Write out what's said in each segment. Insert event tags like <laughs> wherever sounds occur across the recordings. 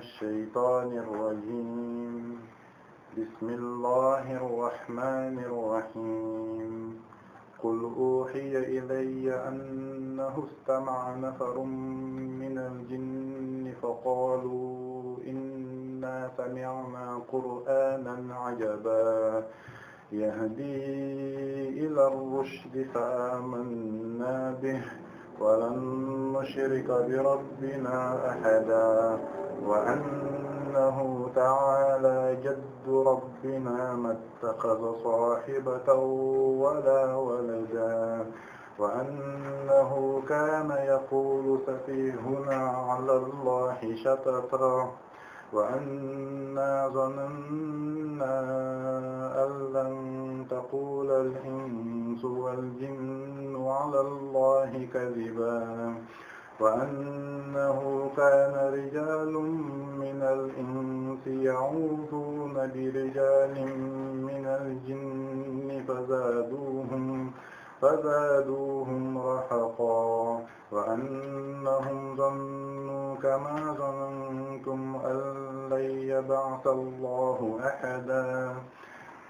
الشيطان الرجيم بسم الله الرحمن الرحيم قل أوحي إلي أنه استمع نفر من الجن فقالوا إنا سمعنا قرآنا عجبا يهدي إلى الرشد فآمنا به ولن نشرك بربنا أحدا وأنه تعالى جد ربنا ما اتخذ صاحبة ولا ولدا وأنه كان يقول سفيهنا على الله شططا وأنا ظننا أن لن تقول الإنس والجن على الله كذبا وأنه كان رجال من الإنس يعوذون برجال من الجن فزادوهم فزادوهم رهقا وأنهم ظنوا كما ظننتم أن لن يبعث الله أحدا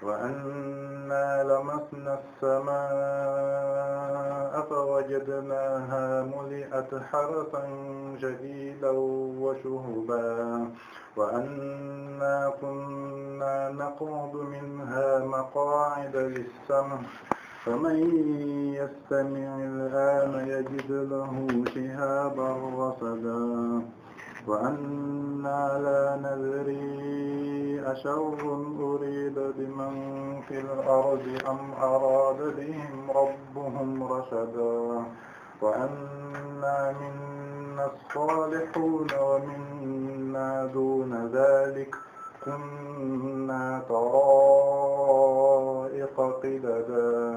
وأنا لمسنا السماء فوجدناها ملئت حرسا شديدا وشهبا وأنا كنا نقعد منها مقاعد للسمع فمن يستمع الآن يجد له شهابا رصدا وأنا لا ندري أشر أريد بمن في الأرض أم أراد بهم ربهم رشدا وأنا منا الصالحون ومنا دون ذلك كنا طرائق قددا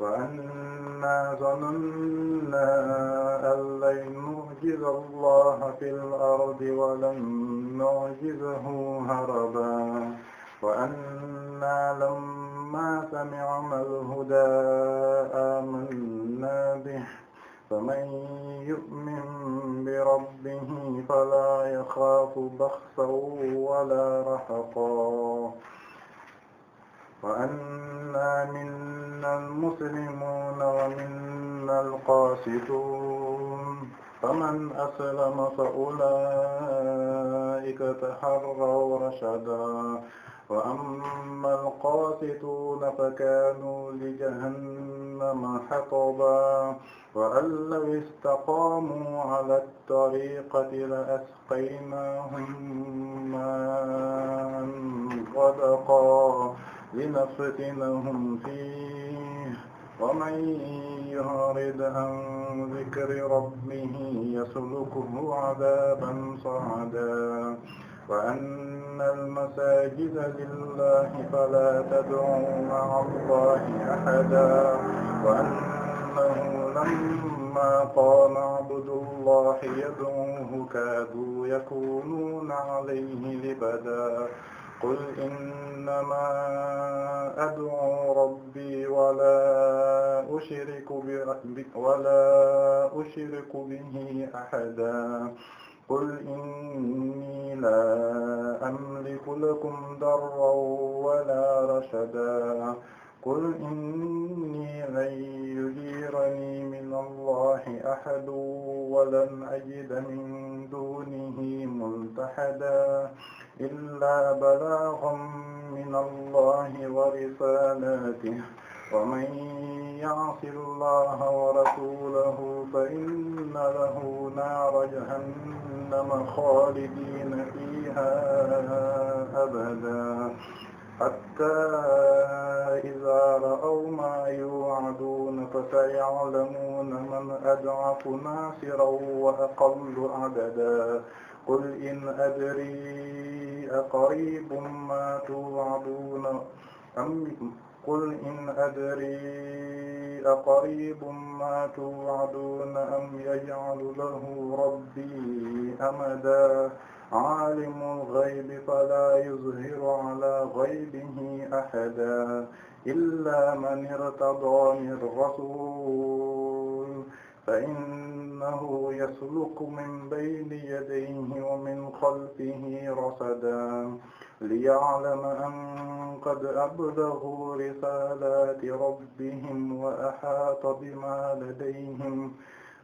وأنا ظننا أن لن نعجز الله في الأرض ولن نعجزه هربا وأنا لما سمعنا الهدى آمنا به فمن يؤمن بربه فلا يخاف بخسا ولا رهقا وأنا منا المسلمون ومنا القاسطون faman aslama fa ulaa'ika taharraw rashadaa wa amma alqaasituuna fa kaanuu li jahannama xatabaa wa an law istaqaamuu ala ttariiqati la asqaynaahum maa'an gadaqaa linaftinahum fiihi ومن يعرض عن ذكر ربه يسلكه عذابا صعدا وأن المساجد لله فلا تدعوا مع الله أحدا وأنه لما قال اعبدوا الله يدعوه كادوا يكونون عليه لبدا قل إنما أدعو ربي ولا أشرك ولا أشرك به أحدا قل إني لا أملك لكم ضرا ولا رشدا قل إني لن يجيرني من الله أحد ولن أجد من دونه ملتحدا إلا بلاغا من الله ورسالاته ومن يعص الله ورسوله فإن له نار جهنم خالدين فيها أبدا حتى إذا رأوا ما يوعدون فسيعلمون من أضعف ناصرا وأقل عددا قل إن أدري أقريب ما توعدون أم قل إن أدري أقريب ما توعدون أم يجعل له ربي أمدا عالم الغيب فلا يظهر على غيبه أحدا إلا من ارتضى من رسول فإن إنه يسلك من بين يديه ومن خلفه رصدا ليعلم أن قد أبلغوا رسالات ربهم وأحاط بما لديهم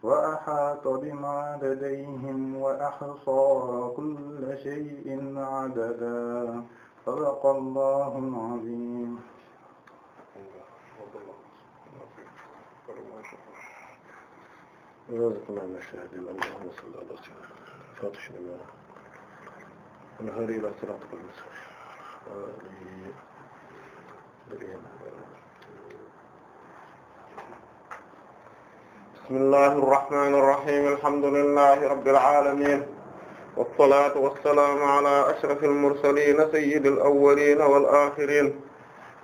وأحاط بما لديهم وأحصى كل شيء عددا صدق الله العظيم رزقنا نستهدم اللهم صل على سيدنا فاتح لما ونهاري إلى صراطك المستقيم بسم الله الرحمن الرحيم الحمد لله رب العالمين والصلاة والسلام على أشرف المرسلين سيد الأولين والآخرين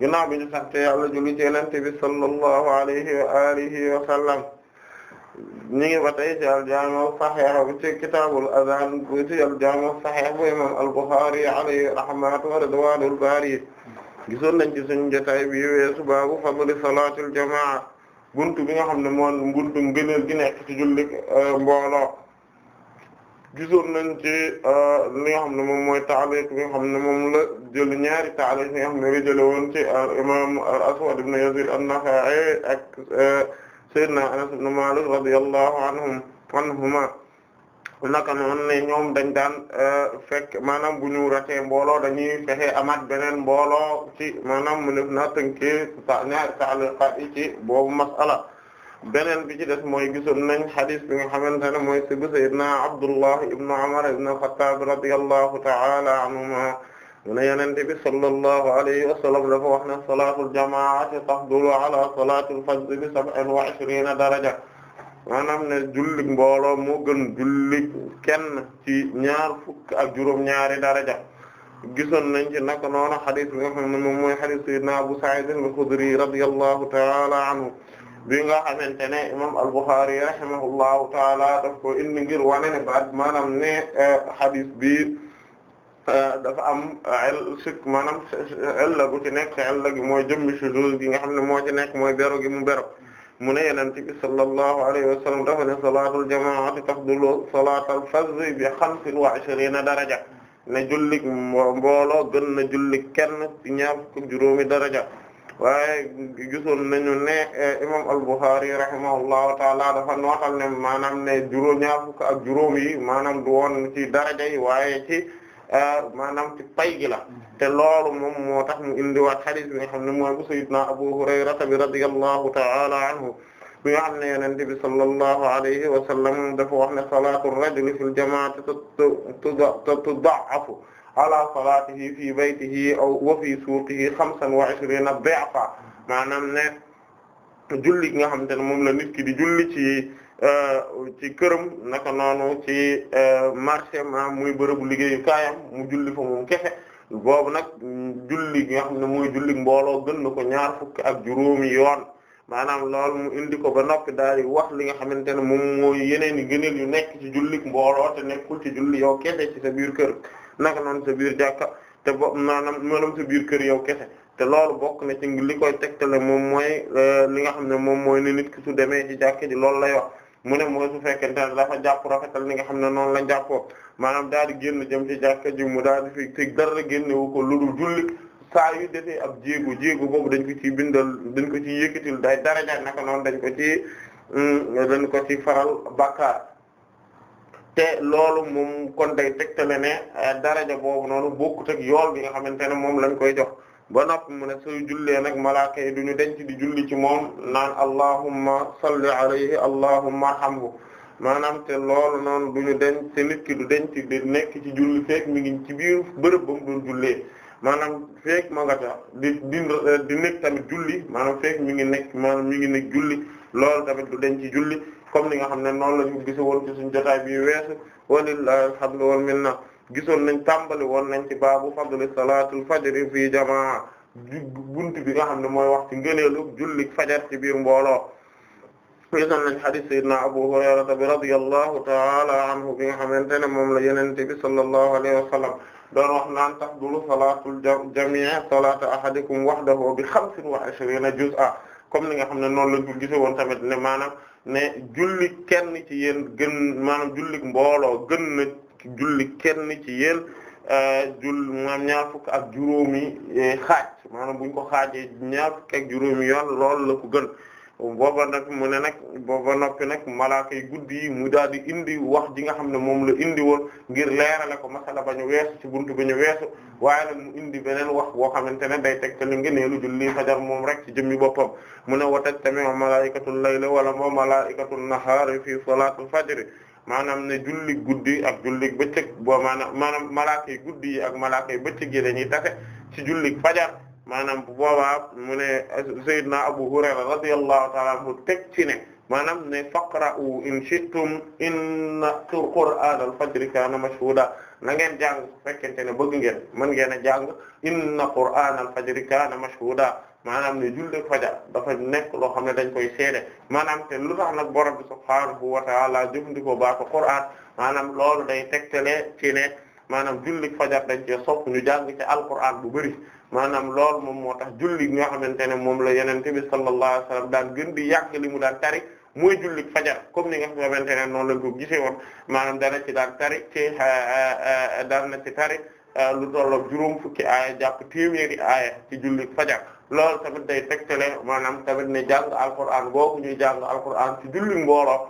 ginnaaw bi ñu sante yàlla julli ci yonent bi sallallahu alayhi wa alihi wa sallam ñu ngi ba tey ci al-Jaami' as-Sahiih bi ci kitaabul azaan bu ci al-Jaami' as-Sahiih bu imaam al-Bukhaari alayhi rahmatu wa ridwaanul baari gisoon nañ ci suñu jotaay bi weesu baabu fadli salaatul jamaa buntu bi nga xam ne moom buntu ngëneel gi nekk ci julli eh, mbooloo gisoon nañ ci euh, li nga xam ne moom mooy taaliq bi nga xam ne moom la jël ñaari taaliq yi nga xam ne la jële woon ci al euh, imam al aswad ibn yazid an-naxa'i ak euh, sayyidina anas ibn malik radiyallahu anhum anhuma naka noonu ne ñoom dañ daan fekk maanaam bu ñu ratee mbooloo dañuy fexe amaat beneen mbooloo ci maanaam mu def na tënkee ñaari taaliqaat yi ci boobu masala beneen bi ci des mooy gisoon nañ xadis bi nga xamante ne mooy si bu sayyidina Abdullah ibn Umar ibn Khattab radiyallahu ta'ala anhuma mu ne Yonent bi sallallahu alayhi wa sallam dafa wax ne salaatul jamaa'ati tafdulu ala salaatil fajri bi sab'in wa ishriina daraja maanaam ne jullig mbooloo moo gën jullig kenn ci ñaar fukk ak juróom-ñaari daraja gisoon nañ ci naka noonu xadis bi nga xam ne moom mooy xadis sayyidina Abu Sa'id al-Khudri radiyallahu ta'ala anhu bi nga xamante ne imam al-Bukhari rahimahullahu taala daf ko indi ngir wane ne baat maanaam ne hadis eh, bi eh, dafa am sikk maanaam eh, ella ci nekk ella gi mooy jëmmi shuzuz gi nga xam ne moo ci nekk mooy bero gi mu bero mu ne yonent bi sallallahu alayhi wa sallam dafa ne salaatul jamaati tafdulu salaatal fazzi bi xamsin wa ishriina daraja ne jullik mbooloo gën na jullik kenn ci ñaar fukk juróomi daraja waaye gisoon nañu ne imam al-Bukhari rahimahullahu taala dafa nootal ne maanaam ne juróom ñaar fukk ak juróom yi maanaam du woon ci daraja yi waaye ci maanaam ci pay gi la te loolu moom moo tax mu indiwaat hadith bi nga xam ne mooy bu sayyidina Abu Hurayra bi radiyallahu taala anhu bi nga xam ne yonent bi sallallahu alayhi wa sallam dafa wax ne salaatu rajuli fil jamaa'ati tuda'afu ala salaatihi fi baytihi aw wa fi suuqihi xamsan wa ishriina di'fa maanaam ne julli nga xamante ne moom la nit ki di julli ci euh, ci këram naka noonu ci euh, marché ma muy bërëbu liggéeyu kaayam mu julli fa moom kexe boobu nag julli gi nga xam ne muy julli mbooloo gën na ko ñaar fukk ak juróomi yoon maanaam lool mu indi ko ba noppi daal di wax li nga xamante ne moom mooy yeneen i gëneel yu nekk ci julli mbooloo te nekkul ci julli yow kese ci sa biir kër naka noonu sa biir jàkka te bo maanaam maanaam sa biir kër yow kese te loolu bokk na ci li koy tegtale moom mooy euh, li nga xam ne moom mooy ne nit ki su demee ci jàkka ji loolu lay wax mu ne moo su fekkente ne dafa jàpp rafetal li nga xam ne noonu la jàppoo maanaam daal di génn jëm ci jàkka ji mu daal di fi teg dara génnewu ko lu dul julli saa yu defee ab jéego jéego boobu dañ ko ci bindal dañ ko ci yëkkatil day daraja naka noonu dañ ko ci mm, dañ ko ci faral bàkkaar te loolu moom kon dey day tegtale ne eh, daraja boobu noonu bokkut teg yool bi nga xamante ne moom lañ koy jox ba nopp mu ne sooy jullee nag malaaka yi duñu denc di julli ci moom naan allahumma salli alayhi allahumma arhamhu maanaam te loolu noonu duñu denc te nit ki du denc di nekk ci julli feek mi ngi ci biir bërëb ba mu doon jullee maanaam feek ma nga tax di di di nekk tamit julli maanaam feek mi ngi nekk maanaam mi ngi nekk julli loolu tamit du denc ci julli comme ni nga xam ne noonu la ñu gisoon ci suñu jotaay bi weesu walillahi alhamdu wal minna gisoon nañ tàmbali woon nañ ci baabu fadli salaatul fajri fii jamaa bunt bi nga xam ne mooy wax ci ngëneelu julli fajar ci biir mbooloo gisoon nañ hadith sayyidina Abu Hurayra bi radiyallahu ta'ala anhu bi nga xamante ne moom la yonent bi sallallahu alayhi wa sallam doon wax naan tafdulu salaatul jamii salaata ahadikum wahdahu bi juz'a comme ni nga xam ne noonu lañ ko tamit ne maanaam ne julli kenn ci yéen gën maanaam jullik mbooloo gën na julli kenn ci yéen euh, jul maanaam ñaar fukk ak juróomi eh, xaaj maanaam buñ ko xaajee ñaar fukk ak juróomi yoon loolu la ko gën booba nag mu ne nag booba noppi nag malaaka yi guddi yi mu daal di indi wax ji nga xam ne moom la indi woon ngir leerale ko masala ba ñu weesu ci buntu ba ñu weesu waaye nag mu indi beneen wax boo xamante ne day teg te li ngëneelu julli fajar moom rek ci jëmmi boppam mu ne watat tamit malaa'ikatul layli wala moo malaa'ikatul nahaari fii salaatul fajri maanaam ne julli guddi ak julli bëccëg boo maanaam maanaam malaaka yi guddi yi ak malaaka yi bëccëg yi dañuy tase ci julli fajar maanaam bu boobaa mu ne Seydina Abu Hurayra radiyallahu ta'ala anhu teg ci ne maanaam ne faqra'u in shi'tum inna qur'an al-fajr kana mashhuda na ngeen jàng su fekkente ne bëgg ngeen mën ngeen a jàng inna qur'an al-fajr kana mashhuda maanaam ne julli fajar dafa nekk loo xam ne dañ koy seede maanaam te lu tax nag borom bi subhaanahu wa ta'ala jëfandikoo baatu qur'an maanaam loolu day tegtale ci ne maanaam jullik fajar dañ cee sopp ñu jàng ci alquran bu bëri maanaam loolu moom moo tax julli nga xamante ne moom la yenente bi sallallahu wasallam daan gën di yàgg li mu daan tari mooy jullik fajar comme ni nga xamante ne noonu lañ ko gisee woon maanaam dana ci daan tarik ci daan na ci tari lu tollook juróom fukki aaya jàpp téeméeri aaya ci jullik fajar loolu tamit day tegtale maanaam tamit ne jàng alquran googu ñuy jàng alquran ci julli mbooloo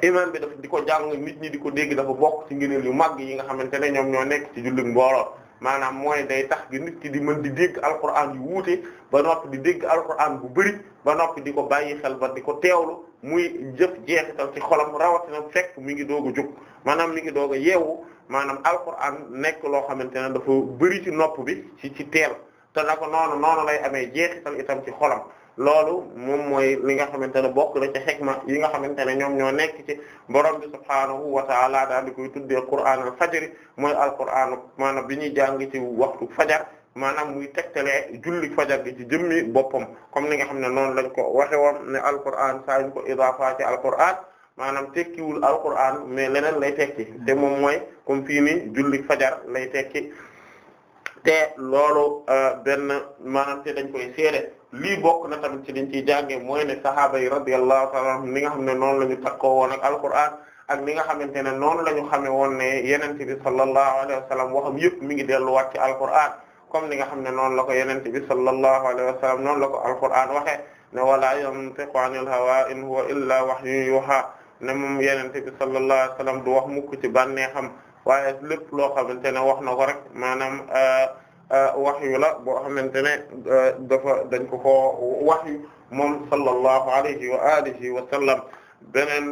imam bi dafa di ko jàng nit ñi di ko dégg dafa bokk ci ngëneel yu mag yi nga xamante ne ñoom ñoo nekk ci jullit mbooloo maanaam mooy day tax gi nit ki di mën di dégg alquran yu wuute ba noppi di dégg alquran bu bëri ba noppi di ko bàyyi xel ba di ko teewlu muy jëf jeexital ci xolam rawatina fekk mu ngi doog a jóg maanaam mi ngi doog a yeewu maanaam alquran nekk loo xamante ne dafa bëri ci nopp bi ci ci teel te naka noonu noonu lay amee jeexital itam ci xolam loolu moom mooy li nga xamante ne bokk la ci yi nga xamante ne ñoom ñoo nekk ci borom bi subhaanahu wa ta'ala daal di koy tuddee qur'aan al fajr mooy al qur'aan maanaam bi ñuy jàng ci waxtu fajar maanaam muy tegtalee julli fajar gi ci jëmmi boppam comme ni nga xam ne noonu lañ ko waxe woon ne al qur'aan saa ñu ko al qur'aan maanaam tekkiwul al qur'aan mais leneen lay tekki te moom mooy comme fii nii julli fajar lay tekki te loolu euh, benn maanaam te dañ koy seede lii bokk na tamit ci liñ ciy jànge mooy ne sahaaba yi radiyallahu ta'ala ni nga xam ne noonu la ñu takkoo woon ak alquran ak ni nga xamante ne noon la ñu xamee woon ne yenente bi sallallahu alayhi wa sallam waxam yëpp mi ngi delluwaat ci alquran comme ni nga xam ne noonu la ko yenente bi sallallahu alayhi wa sallam noonu la ko alquran waxee ne wala yantiqu anil hawa in huwa illa wahyun yuha ne moom yenente bi sallallahu alayhi wa sallam du wax mukk ci bànneexam waaye loo xamante ne wax na ko rek maanaam Euh, waxyu la boo xamante ne euh, dafa dañ ko koo waxyu moom sallallahu alayhi wa alihi wa sallam beneen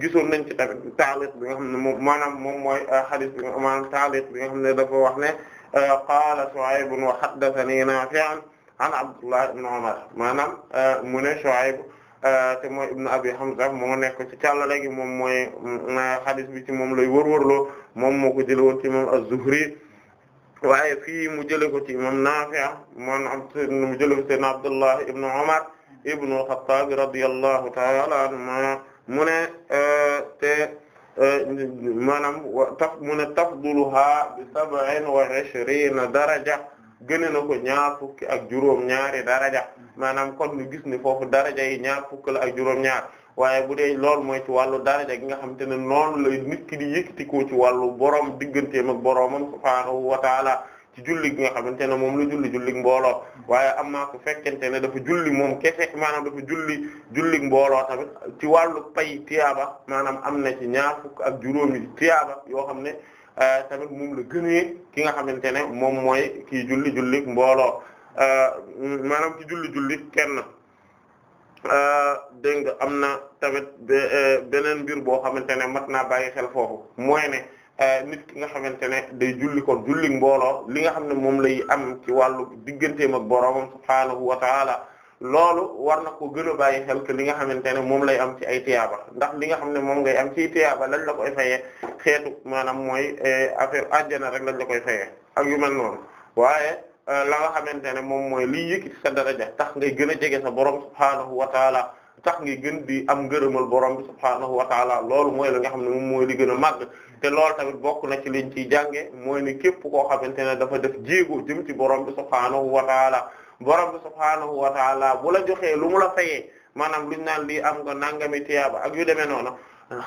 gisoon nañ ci tamit taaliq bi nga xam ne moom maanaam moom mooy hadith euh, bi nga maanaam taaliq bi nga xam ne dafa wax ne qaala Shu'ayb wa haddathanii Naafi' an Abdullah ibn Umar maanaam mu ne Shu'ayb te mooy ibn Abi Hamza moo nekk ci càlla léegi moom mooy hadith mm, bi ci moom lay wërwërloo moom moo ko jëlee woon ci moom az-Zuhri waaye fii mu jëlee ko ci imam Naafi' moom mu jëlee ko ci Seydina Abdullah ibn Umar ibn al-Khattab radiyallahu ta'ala anhuma mu ne euh, te euh, maanaam taf mu ne tafduluha bi sab'in wa ishrina daraja gëne na ko ñaar fukki ak juróom-ñaari daraja maanaam kon ñu gis ni foofu daraja yi ñaar fukk la ak juróom-ñaar waaye bu dee loolu mooy ci wàllu daraja gi nga xamante ne noonu la nit ki di yëkkatikoo ci wàllu borom digganteem ak boromam subhaanahu wa taala ci julli ki nga xamante ne moom la julli jullig mbooloo waaye am naa ko fekkente ne dafa julli moom kese maanaam dafa julli jullig mbooloo tamit ci wàllu pay tiyaaba maanaam am na ci ñaar fukk ak juróomi yoo xam ne eh, tamit la gënee ki nga xamante ne moom mooy kii julli jullig mbooloo eh, maanaam ci julli julli kenn. Euh, dégg nga am na tamit euh, beneen mbir boo xamante ne mat naa bàyyi xel foofu mooy ne euh, nit ki nga xamante ne day julli ko julli mbooloo li nga xam ne moom lay am ci wàllu digganteem ak boroomam subhaanahu wa taala loolu war na ko gën bàyyi xel li nga xamante ne moom lay am ci ay tiyaaba ndax li nga xam ne moom ngay am ci tiyaaba lañ la koy fayee xeetu maanaam mooy affaire àjjana rek lañ la koy fayee ak yu mel waaye. Euh, la nga xamante ne moom mooy liy yëkkati sa daraja tax ngay gën a jege sa borom subhaanahu wa taala tax ngay gën di am ngërëmal borom bi subhaanahu wa loolu mooy la nga xam ne moom mooy li gën a màgg te loolu tamit bokk na ci liñ ciy jànge mooy ne képp koo xamante ne dafa def jéego jëm ci borom bi subhaanahu wa taala bi subhaanahu wa taala bu joxee lu mu la fayee maanaam luñ naan lii am nga nangami tiyaaba ak yu demee noonu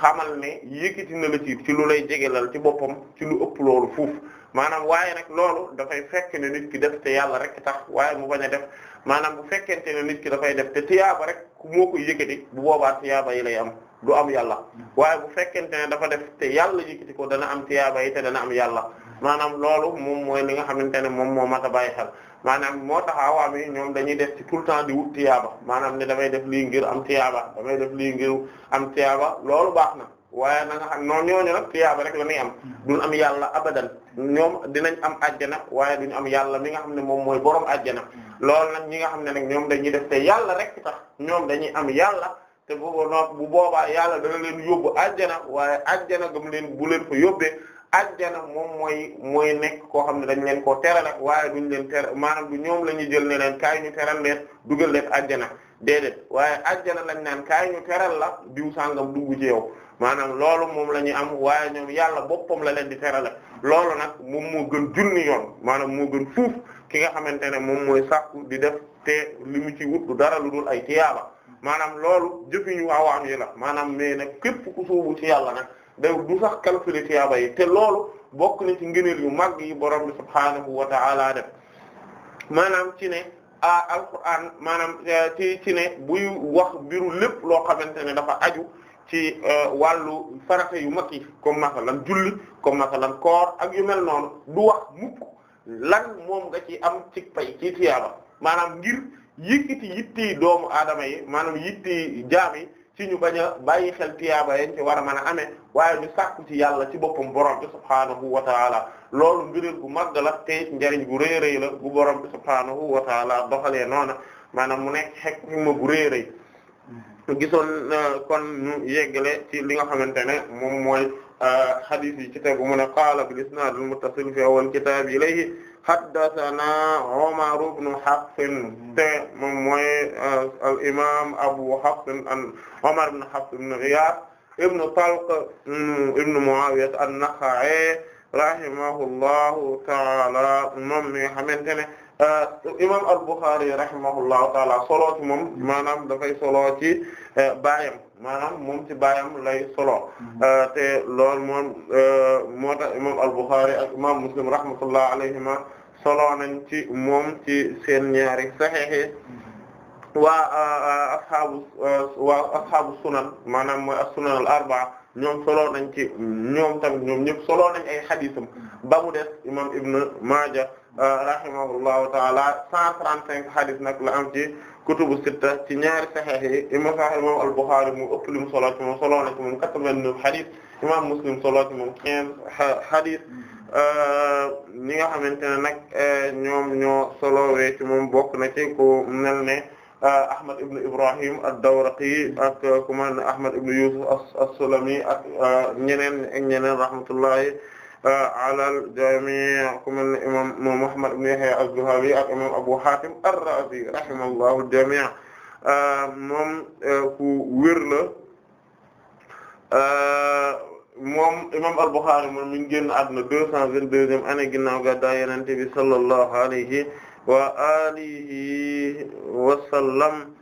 xamal ne yëkkati na la ci ci lu lay jege lal ci boppam ci lu ëpp loolu fuuf maanaam waaye nag loolu dafay fekk ne nit ki def te yàlla rek tax waaye mu bañ def maanaam bu fekkente ne nit ki dafay def te tiyaaba rek moo koy yëkkati bu boobaa tiyaaba yi lay am du am yàlla waaye bu fekkente ne dafa def te yàlla yëkkati ko dana am tiyaaba yi te dana am yàlla maanaam loolu moom mooy li nga xamante ne moom moo mat a bàyyi xel maanaam moo tax awaam yi ñoom dañuy def ci tout le temps di wut tiyaaba maanaam ne damay def lii ngir am tiyaaba damay def lii ngir am tiyaaba loolu baax na waaye na nga xam noon ñooñu nag tiyaaba rek la ñuy am hmm. duñ am yàlla abadan ñoom dinañ am ajjana waaye duñu am yàlla mi nga xam ne moom mooy borom ajjana hmm. loolu nag ñi nga xam ne nag ñoom dañuy def te yàlla rek tax ñoom dañuy am yàlla te bu bu boobaa yàlla dana leen yóbbu ajjana waaye ajjana gam leen bu leen ko yóbbee ajjana moom mooy mooy nekk koo xam ne dañ leen koo teral ak waaye duñ leen teral maanaam du ñoom la ñuy jël ne leen kaay ñu teral leen dugal leen ajjana déedéet waaye ajjana lañ naan kaay ñu teral la diw sàngam dugg ci yow maanaam loolu moom la ñuy am waaye ñoom yàlla boppam la leen di tera terale loolu nag moom moo gën junni yoon maanaam moo gën fuuf ki nga xamante ne moom mooy sàkku di def te li mu ci wut du dara lu dul ay tiyaaba maanaam loolu jëfiñu awaam yi la maanaam mais nag képp ku sóobu ci yàlla nag day du sax calculer tiyaaba yi te loolu bokk na ci ngëneel yu mag yi borom bi subhaanahu wa ta'ala def maanaam ci ne ah alquran maanaam eh, ci ci ne buy wax mbiru lépp loo xamante ne dafa aju ci euh, wàllu farata yu mag yi comme masalan julli comme masalan koor ak yu mel noonu du wax mukk lan moom nga ci am ci pay ci tiyaaba maanaam ngir yëkkati yitti doomu aadama yi maanaam yitti jaam yi ci ñu bañ a bàyyi xel tiyaaba yañ ci war a mën a amee waaye ñu sàkku ci yàlla ci boppam borom bi subhaanahu wa taala loolu mbiril gu màgg la te njariñ gu réy réy la bu borom bi subhaanahu wa taala doxalee noona maanaam mu nekk xekk ma bu réy réy gisoon euh, kon ñu yeggale ci li nga xamante ne moom mooy hadis euh, yi ci tegu mu ne qaala bil isnaad al muttasil fi awwal kitaab ilayhi haddathana Umar ibn Hafs te moom mooy euh, al imaam Abu Hafs an Umar ibn Hafs ibn Ghiyath ibn Talq ibn Muawiya an-Nakha'i rahimahullahu ta'ala moom mi nga xamante ne Euh, imam al-Bukhari rahimahullahu taala solo ci moom maanaam dafay solo ci euh, baayam maanaam moom ci baayam lay solo mm-hmm. euh, te loolu moom moo tax imam al-Bukhari ak imam Muslim rahmatullah alayhima solo nañ ci moom ci seen ñaari saxiix mm-hmm. waa asxaabu waa sunan maanaam mooy as-sunan al-arba'a ñoom solo nañ ci ñoom tamit ñoom ñëpp solo nañ ay xadiisam mm-hmm. ba mu des imam Ibn Maaja Euh, rahimahullahu taala 135 hadith nag la am ci kutubu sitta ci ñaari sahih yi imam sahih moom al-Bukhari mu ëpp lim solo ci moom solo na ci moom 89 hadith imam Muslim solo ci moom 15 hadith euh, ñi nga xamante ne nag euh, ñoom ñoo solowee ci moom bokk na ci ku mel ne Ahmad ibn Ibrahim ad-Dawraqi ak ku mel ne Ahmad ibn Yusuf as-Sulami ak ñeneen ak ñeneen rahmatullahi alal jamii ku mel ne imam Muhammad ibn Yahya az-Zuhali ak imam Abu Hatim ar-Razi rahimahullahu jamii moom ku wér la moom imam al-Bukhari moom mi ngi génn àdduna deux cent vingt-deuxième année ginnaaw gàddaay Yonent bi sallallahu alayhi wa alihi wa sallam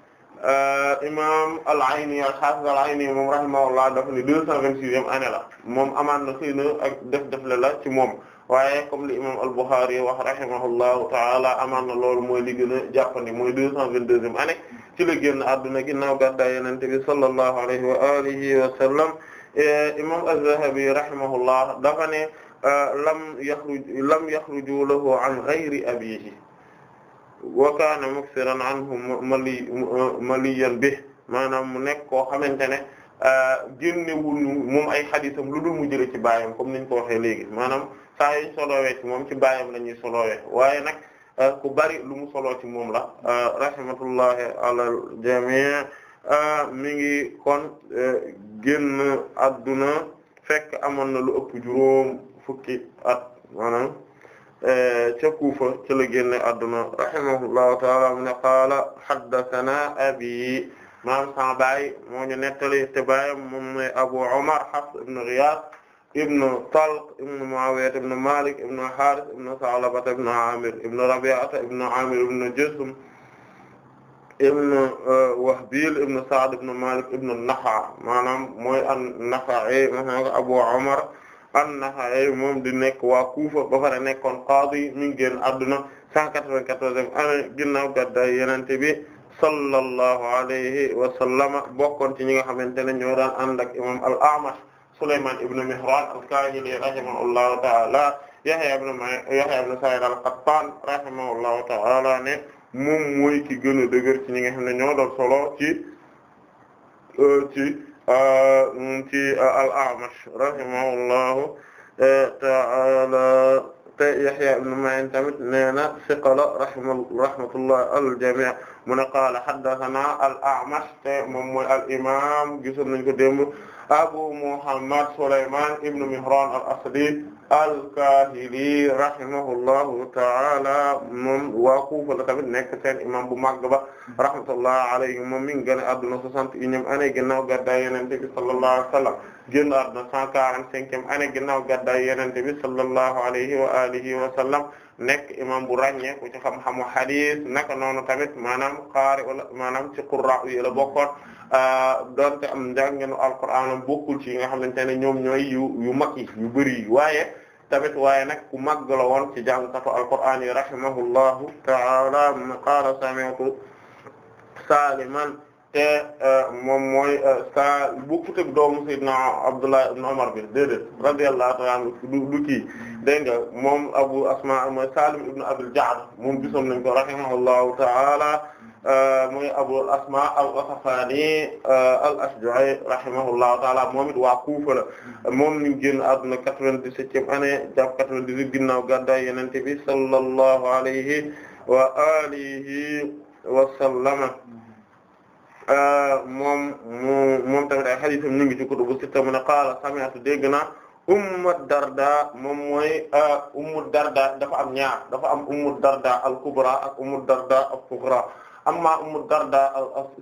Euh, imam al-Ayni al-Hafiz al-Ayni moom rahimahullah dafa ne deux cent vingt-sixième année la moom amaan na xëy na ak def defle la ci moom waaye comme li imam al-Bukhari wax rahimahullahu ta'ala amaan na loolu mooy li gën a jàppandi mooy deux cent vingt-deuxième année ci la génn adduna ginnaaw gàddaay Yonent bi sallallahu alayhi wa alihi wa sallam imam az-Zahabi rahimahullah dafa ne euh, lam yakhruj lam yakhruju lahu an ghayri abihi wa kaana muksiran anhu mali maliyan bi maanaam mu nekk koo xamante ne ah, génnewul moom ay xadisam lu dul mu jële ci baayam comme niñ ko waxee léegi maanaam saa yuñ solowee ci moom ci baayam la ñuy solowee waaye nag ah, ku bari lu mu soloo ci moom la ah, rahmatullahi alal jamii mi ngi kon eh, génn adduna fekk amoon na lu ëpp juróom fukki at maanaam Eh, ca Kufa ca la génne adduna rahimahullahu taala mu ne qaala haddathana abi maam sama baay moo ñu nettali te baayam moom mooy Abu Umar Hafs ibn Ghiyath ibn Talq ibn Mu'awiyah ibn Malik ibn Harith ibn Sa'laba ibn Amir ibn Rabi'ah ibn Amir ibn Jusm ibn eh, Wahbil ibn Sa'd ibn Malik ibn Nakha maanaam mooy an-Nakha'i Abu Umar an-Naxa'i moom di nekk waa Kufa ba pare nekkoon qaadi mi ngi génn adduna 194e année ginnaaw gàddaay Yonent bi sallallahu alayhi wa sallama bokkoon ci ñi nga xamante ne ñoo daan ànd ak imam al-A'mash Sulaymaan ibn Mihraan al-Kaahili rahimahullahu ta'ala Yahya ibn Yahya ibn Sa'id al-Qattaan rahimahullahu ta'ala ne moom ki gën a dëgër ci ñi nga xam ne ñoo solo ci euh, ci ci al-A'mash rahimahullahu ta'ala te Yahya ibn Ma'in tamit nee na siqa la rahma rahmatullah al-jami' mu ne qaala haddathana al-A'mash te moom mooy al-imam gisoon nañ ko démb Abu Muhammad Sulaymaan ibn Mihraan al-Asadi al-Kaahili rahimahullahu ta'ala moom waa Kuufa la tamit nekk seen imam bu màgg ba rahmatullah alayhi moom mi ngi génn àdduna soixante-unième année ginnaaw gàddaay Yonent bi sallallahu alayhi wa sallam génn àdduna cent quarante-cinquième année ginnaaw gàddaay Yonent bi sallallahu alayhi wa alihi wa sallam nekk imam bu ràññee ku ci xam-xamu hadiis naka noonu tamit maanaam qaari wala maanaam ci qurra yi la bokkoon Euh, donte am njànginu alquran bokkul ci yi nga xamante ne ñoom ñooy yu yu mag yu bëri waaye tamit waaye nag ku màgg la woon ci jàngkatu alquran yi rahimahullahu ta'ala qaala sami'tu Saaliman te euh, moom mooy euh, sa bokkut ak doomu Sayyidina Abdullah ibn Umar bi déedéet radiyallahu ta'ala anhu du kii nga moom Abu Asma mooy Salim ibn Abil Ja'd moom gisoon nañ ko rahimahullahu ta'ala Euh, muy Abul Asmaa al-Ghatafaani euh, al-Ashja'i rahimahullahu ta'ala moom it waa moom ñu génn àdduna 97e année jàpp 98 ginnaaw gàddaay Yonent bi sallallahu alayhi wa alihi wa euh, moom moom ay hadiisam ñu ngi ci kutubu sitta mu ne qaala sami'tu dégg naa moom mooy ummu darda dafa am ñaar dafa am ummu darda al-kubra ak ummu darda as-sughra amma Ummu Darda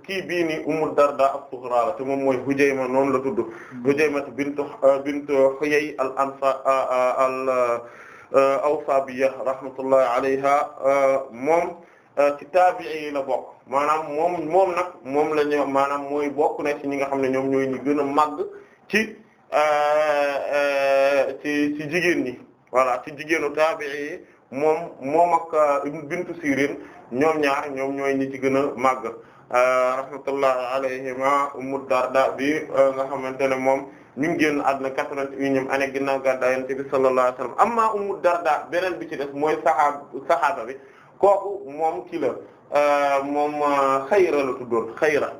kii bii nii Ummu Darda as-Sughra la te moom mooy Hujayma noonu la tudd hmm. Hujayma bint bint Huyay al ansa al Awsabiyya rahmatullahi alayha moom ci taabi'i yi la bokk maanaam moom moom nag moom la ñu maanaam mooy bokk na ci ñi nga xam ne ñoom ñooy ñi gën a màgg ci ci ci jigéen ñi voilà ci jigéenu taabi'i yi moom moom ak Ibn Bintu Sirin ñoom ñaar ñoom ñooy ñi ci gën a màgg euh, rahmatullah alayhima ummu darda bi euh, nga xamante ne moom ñu ngi génn àdduna quatre-vingt-unième année ginnaaw gàddaay yonent bi sallallahu alayhi wasallam amma ummu darda beneen bi ci def mooy saxaab saxaaba bi kooku moom ki la euh, moom xayra la tuddoon xayra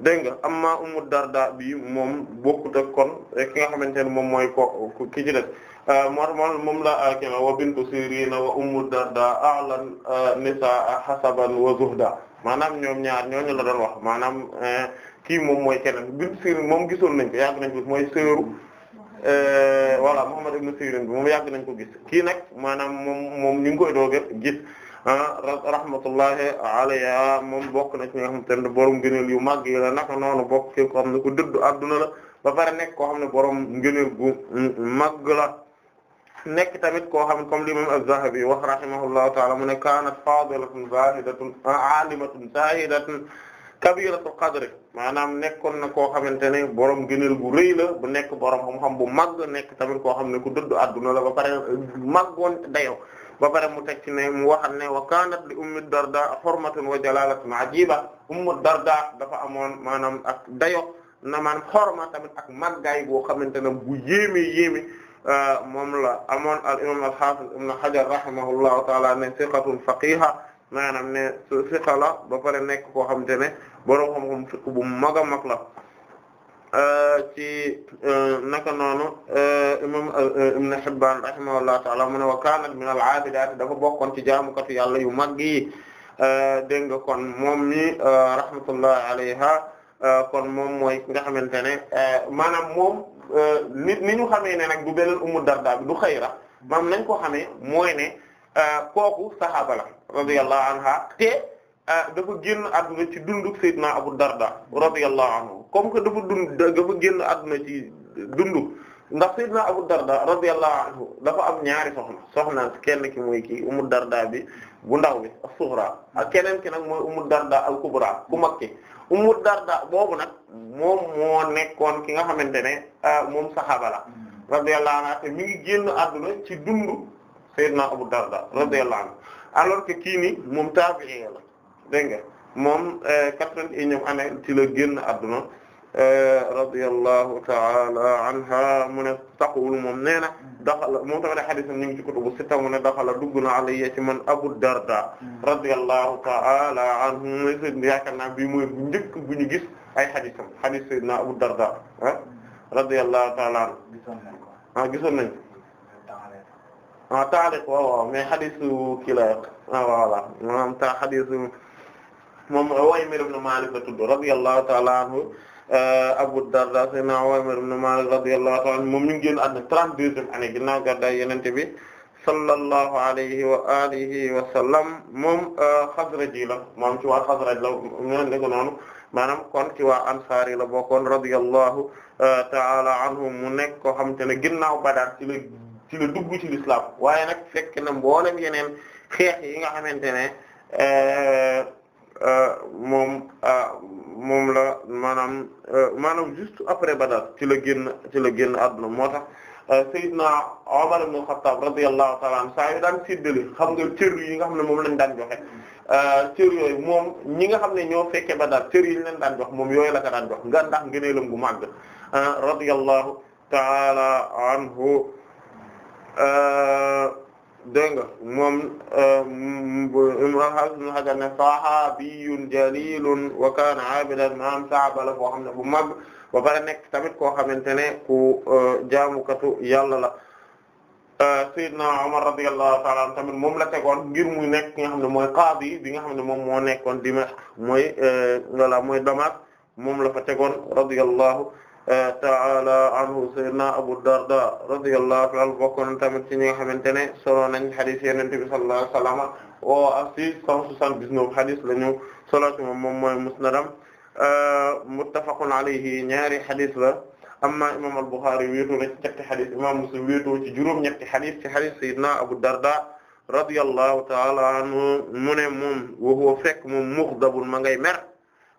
dégg nga amma ummu darda bi moom bokkut ak kon ki nga xamante ne moom mooy ko ki ci def Euh, mormol moom la akima wa bintu Sirin wa Ummu Darda a'lan euh, nisaa hasaban wa zuhda maanaam ñoom ñaar ñooñu la doon wax maanaam euh, kii moom mooy keneen bintu Sirin moom gisoon nañ ko yàgg nañ ko mooy sëru voilà Muhammad ibn Sirin bi moom yàgg nañ ko gis kii nag maanaam moom moom ñu ngi koy dooga gis ah, rahmatullahi alayha moom bokk na ci nga xamante ne borom ngëneel yu màgg yi la naka noonu bokk ci ko xam ne ku dëddu adduna la ba pare nekk koo xam ne borom ngëneel gu màgg la nekk tamit koo xam comme l'imam az-Zahabi wax rahimahullahu ta'ala mu ne kanat fadilatun zahidatun alimatun zahidatun kabiratul qadri maanaam nekkoon na koo xamante ne borom gëneel gu rëy la bu nekk borom xam-xam bu màgg nekk tamit koo xam ne ku dëdd adduna la ba pare màggoon dayo ba pare mu teg ci ne mu waxal ne wa kanat li ummi darda hurmatun wa jalalatun ajiba ummu darda dafa amoon maanaam ak dayo na maanaam xorma tamit ak màggaay boo xamante ne bu yéeme yéeme Euh, moom la amoon al imam al hafiz ibn hajar rahimahullahu taala ne siqatun faqiha maanaam ne siqa la ba pare nekk koo xamante ne borom xam-xam fiq bu mag a mag la euh, ci euh, naka noonu imam ibn hibban rahimahullahu taala mu ne wa kanat min al abidat dafa bokkoon ci jaamukatu yàlla yu mag yi dégg nga kon moom mi rahmatullahi alayha kon moom mooy ki nga xamante ne maanaam moom Euh, nit ñu xamee ne nag du beneen Ummu Darda bi du Xayra maam nañ ko xamee mooy ne euh, kooku saxaaba la radiyallahu anha te euh, dafa génn adduna ci dundug Seydina Abu Darda radiyallahu anhu comme que dafa dund dafa génn àdduna ci dund ndax Seydina Abu Darda radiyallahu anhu dafa am ñaari soxna soxna kenn ki mooy kii Ummu Darda bi bu ndaw bi as-sughra keneen ki nag mooy Ummu Darda al-kubra ku mag ki Ummu Darda boobu nag moom moo nekkoon ki nga xamante ne ah, moom saxaaba la hmm. radiyallahu anhu te mi génn àdduna ci dundu Seydina Abu Darda radiyallahu anhu alors que kii nii moom taabi'i la dégg nga moom eh, quatre-vingt-unième année ci la génn àdduna radiyallahu ta'ala anha mu ne taqul moom nee na daxala moom tamit hadiis am ñu ngi ci kutubu dugg na alayya man Abu Darda radiyallahu ta'ala anhu muy yaakaar naa bii mooy bu njëkk bu ñu gis ay hadiisam hadiis Abu Darda ah radiyallahu ta'ala anhu gisoon nañ ah, nañ ah, taaliq waaw waaw mais hadiisu kii la ah voilà maanaam ta hadiisu moom Uwaymir Maalik la tudd radiyallahu ta'ala anhu Euh, Abu Darda sayyidina Umayr ibn Malik radiyallahu anhu moom ñu ngi génn àdduna trente-deuxième année ginnaaw gàddaay Yonent bi sallallahu alayhi wa alihi wa sallam moom euh, Xasraji la moom ci waa Xasraj la ñoon ne noonu maanaam kon ci waa Ansaar yi la bokkoon radiyallahu euh, ta'ala anhum mu nekk koo xamante ne ginnaaw Badar ci la ci la dugg ci l'islam waaye nag fekk na yeneen xeex yi nga xamante ne Euh, moom euh, moom la maanaam euh, maanaam juste après Badar ci la génn ci la génn àdduna moo tax Seydina Umar ibn Khattab radiyallahu ta'ala anhu saa yu daan séddale xam nga cër yi nga xam ne moom lañ daan joxe cër yooyu moom ñi nga xam ne ñoo fekkee Badar cër yi ñu leen daan jox moom yooyu la ko daan jox nga ndax ngëneelam gu màgg radiyallahu ta'ala anhu dégg nga moom euh, ibn Hajar ne sahaabiyun jalilun wa kaana aabidan maanaam sahaaba la boo xam ne bu mag ba pare nekk tamit koo xamante ne ku euh, jaamukatu yàlla la euh, Seydina Umar radiyallahu ta'ala tamit moom la tegoon ngir mu nekk ki nga xam ne mooy qaadi bi nga xam ne moom moo nekkoon Dimashq mooy wala mooy Damas moom la fa tegoon radiyallahu ta'ala anhu sayyidina Abu Darda radiyallahu anhu bokkoon tamit ci ñi nga xamante ne solo nañ hadith Yonent bi sallallahu la ñu solo ci moom moom mooy musnadam muttafaqun alayhi ñaari hadith la amma imam al-Bukhari wéetoo na ci ñetti hadith imam Muslim wéetoo ci juróom-ñetti hadith ci hadith sayyidina Abu Darda radiyallahu ta'ala anhu mu ne moom wa fekk moom mughdabun ma mer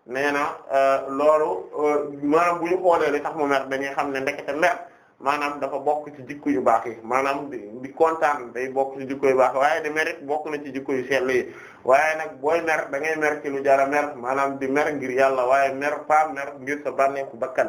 nee na euh, loolu euh, maanaam bu ñu xoolee li tax mu mer dañuy xam ne ndekete mer maanaam dafa bokk ci jikko yu baax yi maanaam di kontaan day bokk ci jikko baax waaye di mer it na ci jikko yu sell yi waaye nag booy mer da mer ci lu jara mer maanaam di mer ngir yàlla waaye mer pa mer ngir sa bànneeku bakkan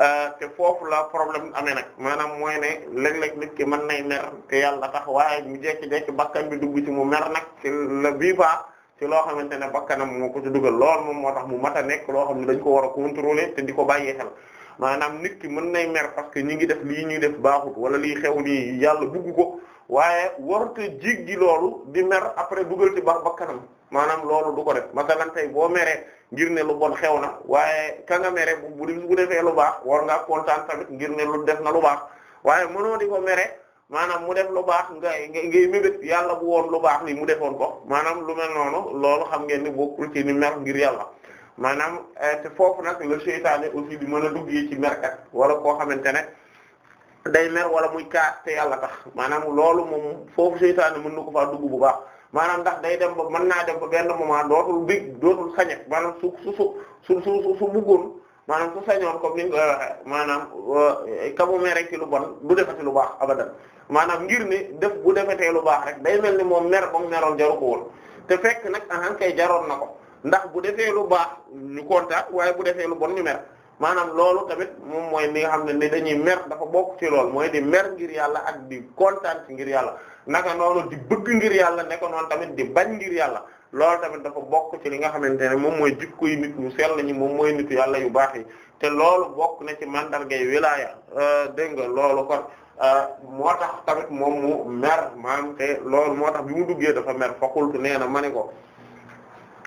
euh, te foofu la problème amee nag maanaam mooy ne léeg-léeg nit ki mën nay mer te yàlla tax waaye mu jekki-jekki bakkan bi dugg ci mu mer nag ci la bii baax ci loo xamante ne bakkanam moo ko ci dugal lool moom moo tax mu mat a nekk loo xam ne dañ ko war a contrôler te di ko bàyyi xel maanaam nit ki mën nay mer parce que ñi ngi def lii ñuy def baaxut wala lii xew nii yàlla bugg ko waaye war te a jéggi loolu di mer après dugal ci baax bakkanam maanaam loolu du ko def masalan tey boo meree ngir ne lu bon xew na waaye ka nga mere bu bu defee lu baax war ngaa kontaan tamit ngir ne lu def na lu baax waaye mënoo di ko mere. maanaam mu def lu baax nga ngay mébét yàlla bu woon lu baax li mu defoon ko maanaam lu mel noonu loolu xam ngeen ni bokkul ci ni mer ngir yàlla maanaam eh, te foofu nag le seytaane aussi di mën a duggee ci merkat wala koo xamante ne day mer wala muy kaas te yàlla tax maanaam loolu moom foofu seytaane mën na ko faa dugg bu baax maanaam ndax day dem ba mën naa dem ba benn moment dootul bég dootul sañe maanaam su su su su su bëggoon maanaam su sañoon comme ni eh, maanaam eh, ka mu mere ci lu bon du defati lu baax abadan maanaam ngir ni def bu defetee lu baax rek day mel ni moom mer ba mu meroon jaru ko te fekk nag ahan kay jaroon na ko ndax bu defee lu baax ñu kontaan waaye bu defee lu bon ñu mer maanaam loolu tamit moom mooy li nga xam ne ni dañuy mer dafa bokk ci lool mooy di ngir yàlla ak di kontaan ngir yàlla naka noonu di bëgg ngir yàlla ne ko tamit di bañ ngir yàlla loolu tamit dafa bokk ci li nga xamante ne moom mooy jikko yi nit ñu sell ñi moom mooy nitu yàlla yu baax yi te loolu bokk na ci mandargay wilaaya euh, dégg nga loolu kon Euh, moo tax tamit moom mu mer maam te loolu moo tax bi mu duggee dafa mer fa qultu nee na ma ne ko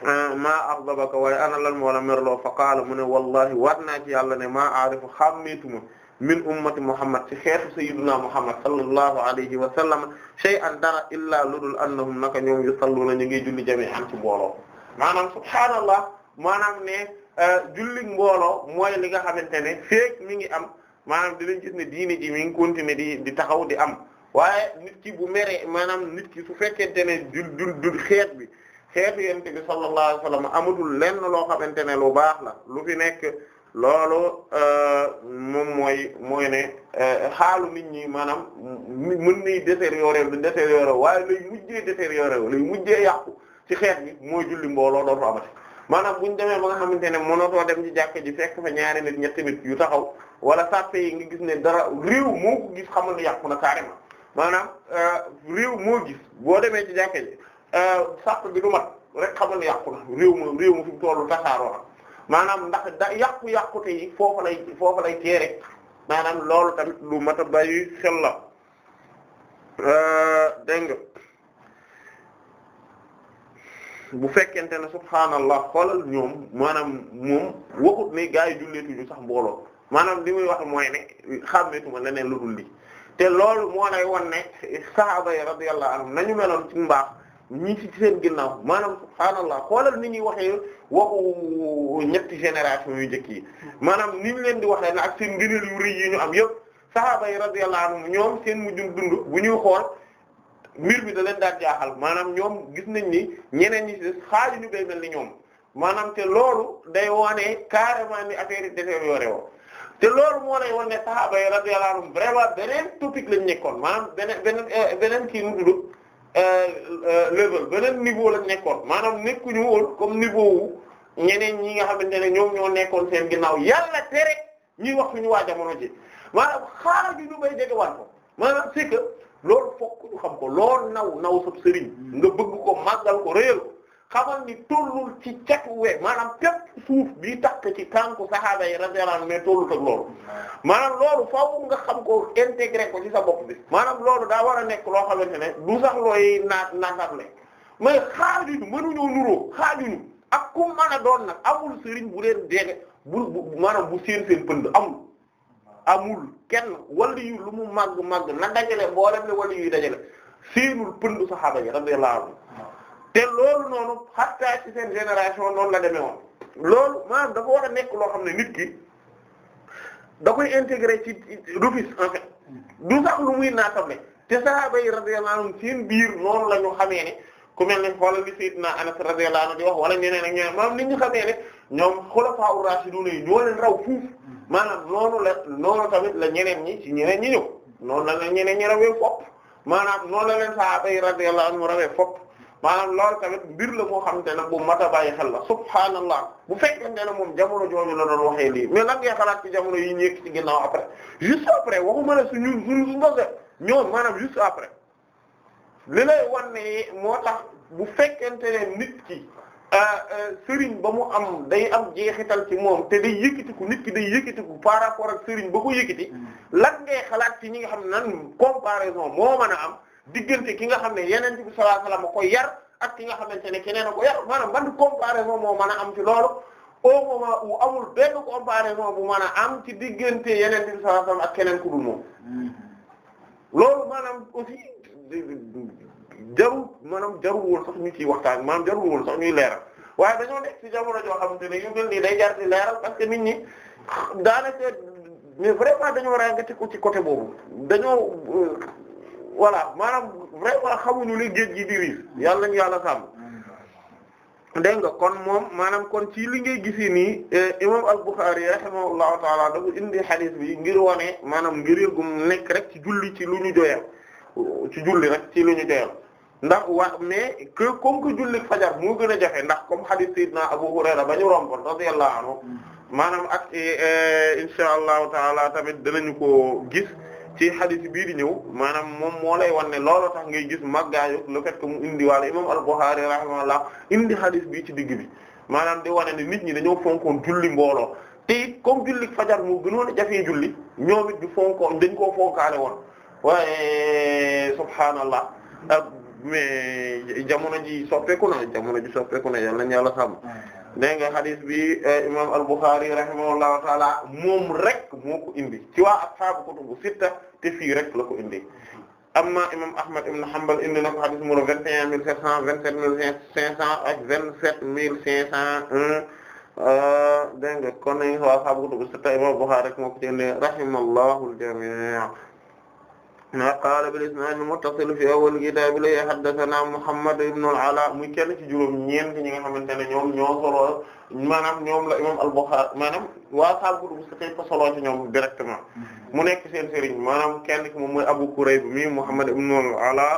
ah, ma axdabaka waaye ana lan moo la merloo fa qaala mu ne wallahi waat naa ci yàlla ne maa aarifu xammeetuma min ummati muhammad ci xeetu sayyiduna muhammad sallallahu alayhi wa sallam shay'an dara illaa ludul annahum naka ñoom yusalluuna ñu ngi julli jami'an ci mbooloo maanaam subhaanallah maanaam ne euh, julli mbooloo mooy li nga xamante ne feek mi ngi am maanaam dinañ gis ne diine ji mi ngi continuer di di taxaw di am waaye nit ki bu meree maanaam nit ki su fekkee ne du du du xeet bi xeetu yente bi sallallahu alayhi wa sallam amatul lenn loo xamante ne lu baax la lu fi nekk loolu euh, moom mooy mooy ne euh, xaalu nit ñi maanaam mën nay détériorer du détériorer waaye lay mujjee détériorer lay mujjee yàqu ci xeex bi mooy julli mbooloo dootu amati maanaam bu ñu demee ba nga xamante ne mënatoo dem ci jàkk ji fekk fa ñaari ne ñetti nit yu taxaw wala sàppe yi nga gis ne dara réew moo ko gis xamal ne yàqu na carrément maanaam euh, réew moo gis boo demee ci jàkke ji euh, sàpp bi du mat rek xamal ne yàqu na réew ma réew ma fi mu tollu tasaaroo na maanaam ndax yàqu-yàqute yi foofu lay foofu teere maanaam loolu tamit lu mat a bàyyi xel la euh, dégg nga bu fekkente ne subhaanallah xoolal ñoom maanaam moom waxut ne gaa yi julleetuñu sax mbooloo maanaam li muy wax mooy ne xàmmeetuma leneen lu dul lii te loolu moo lay won ne sahaaba yi radiyallahu anhum nañu meloon ci mbaax ñi ci seen ginnaaw maanaam subhaanallah xoolal ni ñuy waxee waxu ñetti génération yu njëkk yi maanaam ni ñu leen di waxee ak seen ngëneel yu rëy yi ñu am yëpp sahaaba yi radiyallahu anhum ñoom seen mujjum dund bu ñuy xool mbir mi da daal jaaxal maanaam ñoom gis nañ ni ñeneen ñi ci des ñu bay mel ni ñoom maanaam te loolu day wone carrément ni affaire yi defee yore woo te loolu moo lay won ne sahaaba yi radiyallahu anhum vraiment beneen topic lañ nekkoon maanaam beneen beneen euh, beneen kii nu tudd euh, euh, level beneen niveau lañ nekkoon maanaam nekkuñu woon comme niveau ñeneen ñi nga xamante ne ñoom ñoo nekkoon gi naaw yàlla tere ñuy wax suñu waa jamono ji maanaam xaaral ñu bay jege wan ko maanaam c'est lool loolu fokk ñu xam ko lool naw naw sab sëriñ nga bëgg ko màggal ko réyal xamal ni tollul ci catu we maanaam pépp suuf bii takk ci tànku saxaaba yi radiyallahu anhum mais tollut ak loolu maanaam loolu faaw nga xam ko intégré ko ci sa bopp bi maanaam loolu daa war a nekk loo xamante ne du sax looy naat naatable mais xaajuñu mënuñoo nuroo xaajuñu ak ku mën a doon nag amul sëriñ bu leen deege bu maanaam bu seen seen pënd amul amul kenn wali yu lu mu màgg màgg na dajale mboolem ne wali yuy dajale seenul pënd saxaaba yi radiyallahu anhum te loolu noonu xattaa ci seen génération noonu la demee woon loolu maanaam dafa war a nekk loo xam ne nit ki da koy intégré ci rufis en fait du sax lu muy naatable te sahaaba yi radiyallahu anhum seen biir noonu la ñu xamee ne ku mel ne xoolal li sayyidina Anas radiyallahu anhu di wax wala ñeneen ak ñeneen maanaam nit ñu xamee ne ñoom xulafaa ur-raashidun yi ñoo leen fuuf maanaam noonu la noonu tamit la ñeneen ñi ci ñeneen ñi ñëw noonu la la ñeneen ñi rawee fopp maanaam noonu la leen sahaaba yi maanaam loolu a mbir la moo xamante ne bu mat a bàyyi xel la subhaanallah bu fekkente ne moom jamono jooju la doon waxee lii mais lan ngay xalaat ci jamono yi ñekk ci ginnaaw après juste après waxuma la suñu ñun suñu mbokk ñoom maanaam juste après li lay wan ne moo tax bu fekkente ne nit ki euh, euh, sëriñ ba mu am day am jeexital ci moom te day ku nit ki day yëkkatiku par rapport ak sëriñ ba ko yëkkati hmm. lan ngay xalaat ci ñi nga xam nan comparaison moo mën a am. diggante ki nga xam ne yeneen bi sallallahu alayhi wasallam ko yar ak ki nga xamante ne keneen a man yar maanaam ban comparaison moo mën a am ci loolu au moment où amul benn comparaison bu mën a am ci diggante yeneen bi sallallahu alayhi ak keneen ku dul moom mm-hmm. loolu maanaam aussi jarul maanaam jarul woon sax ñu ciy waxtaan maanaam jarul woon sax ñuy leeral waaye dañoo nekk ci jamono joo xamante ne yu mel nii day jar di leeral parce que nit ñi daanaka mais vraiment dañoo ràññeeku ci côté boobu dañoo. voilà maanaam vraiment xamuñu li géej gi di yàlla nañu yàlla sàmm dégg nga kon moom maanaam kon ci li ngay gisee nii eh, imam al-Bukhari rahimahullahu taala dafa indi xadis bi ngir wane maanaam ngir gum nekk rek ci julli ci lu ñu doyal ci julli rek ci lu ñu doyal ndax wax mais que comme que julli fajar moo gën a jafe ndax comme xadis Seydina Abu Hurayra ba ñu romboon radiyallahu anhu maanaam ak eh, eh, insha allahu taala tamit danañu ko gis ci hadith bii di ñëw maanaam moom moo lay wan ne loolu tax ngay gis màggaayu le fait que mu indi wàlla imam al-Bukhari rahimahullah indi hadith bii ci digg bi maanaam di wane ne nit ñi dañoo fonkoon julli mbooloo te it comme julli fajar moo gënoon a jafee julli ñoom it du fonkoo dañ koo fonkaale woon waaye subhaanallah ah, mais jamono ji soppeeku na jamono ji soppeeku na yàlla nañu yàlla sàmm dégg nga hadith bi e, imam al-Bukhari rahimahullahu taala moom rek moo ko indi ci waa ashaabu kutubu sitta te fii rek la ko indi amma imam Ahmad ibn Hanbal indi na ko hadith numéro vingt et un mille sept cent vingt sept mille cinq cent ak vingt sept mille cinq cent un e, dégg nga kon waa ashaabu kutubu sitta imam Bukhari rek moo ko ci indi rahimallahu al-jami' qaala bil isnaad al muttasil fi awwal kitaab li haddathanaa Muhammad ibn al-Alaa muy kenn ci juróom-ñeent ñi nga xamante ne ñoom ñoo solo maanaam ñoom la imaam al-Bukhaari maanaam waa saabu bu si ko solo ci ñoom directement mu nekk seen sëriñ maanaam kenn ki moom mooy Abu Kurayb mi Muhammad ibn al-Alaa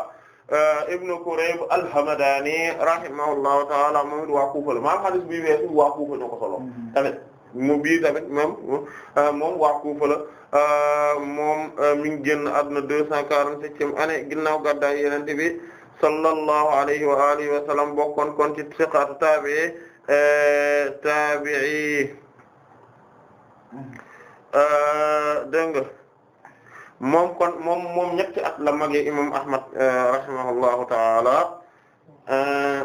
eh, ibn Kurayb al-Hamdaani rahimahullahu ta'aala moom it waa Kuufa la maanaam hadiis bi weesu waa Kuufa ñoo ko solo mm-hmm. tamit mu bii tamit moom eh, moom waa Kuufa la Euh, moom euh, mi ngi génn àdduna deux cent quarante-septième année ginnaaw gàddaay Yonent bi sallallahu alayhi wa alihi wa sallam bokkoon kon ci siqaatu taabii euh, taabii moom kon moom moom ñetti at la mage imam Ahmad rahimahullahu taala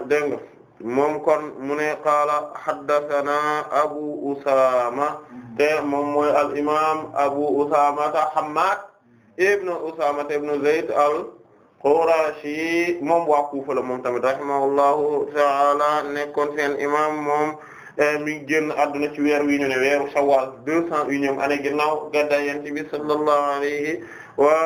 dégg nga moom kon mu ne qaala haddathana abu usama te moom mooy al imam abu usama ta hammad ibn usama ibn zayd al qurashi moom waa Kufa la moom tamit rahimahullahu ta'ala nekkoon seen imam moom eh, mi ngi génn adduna ci weer wi ñu ne weeru shawwal deux cent unième année ginnaaw gadda yonent sallallahu alayhi wa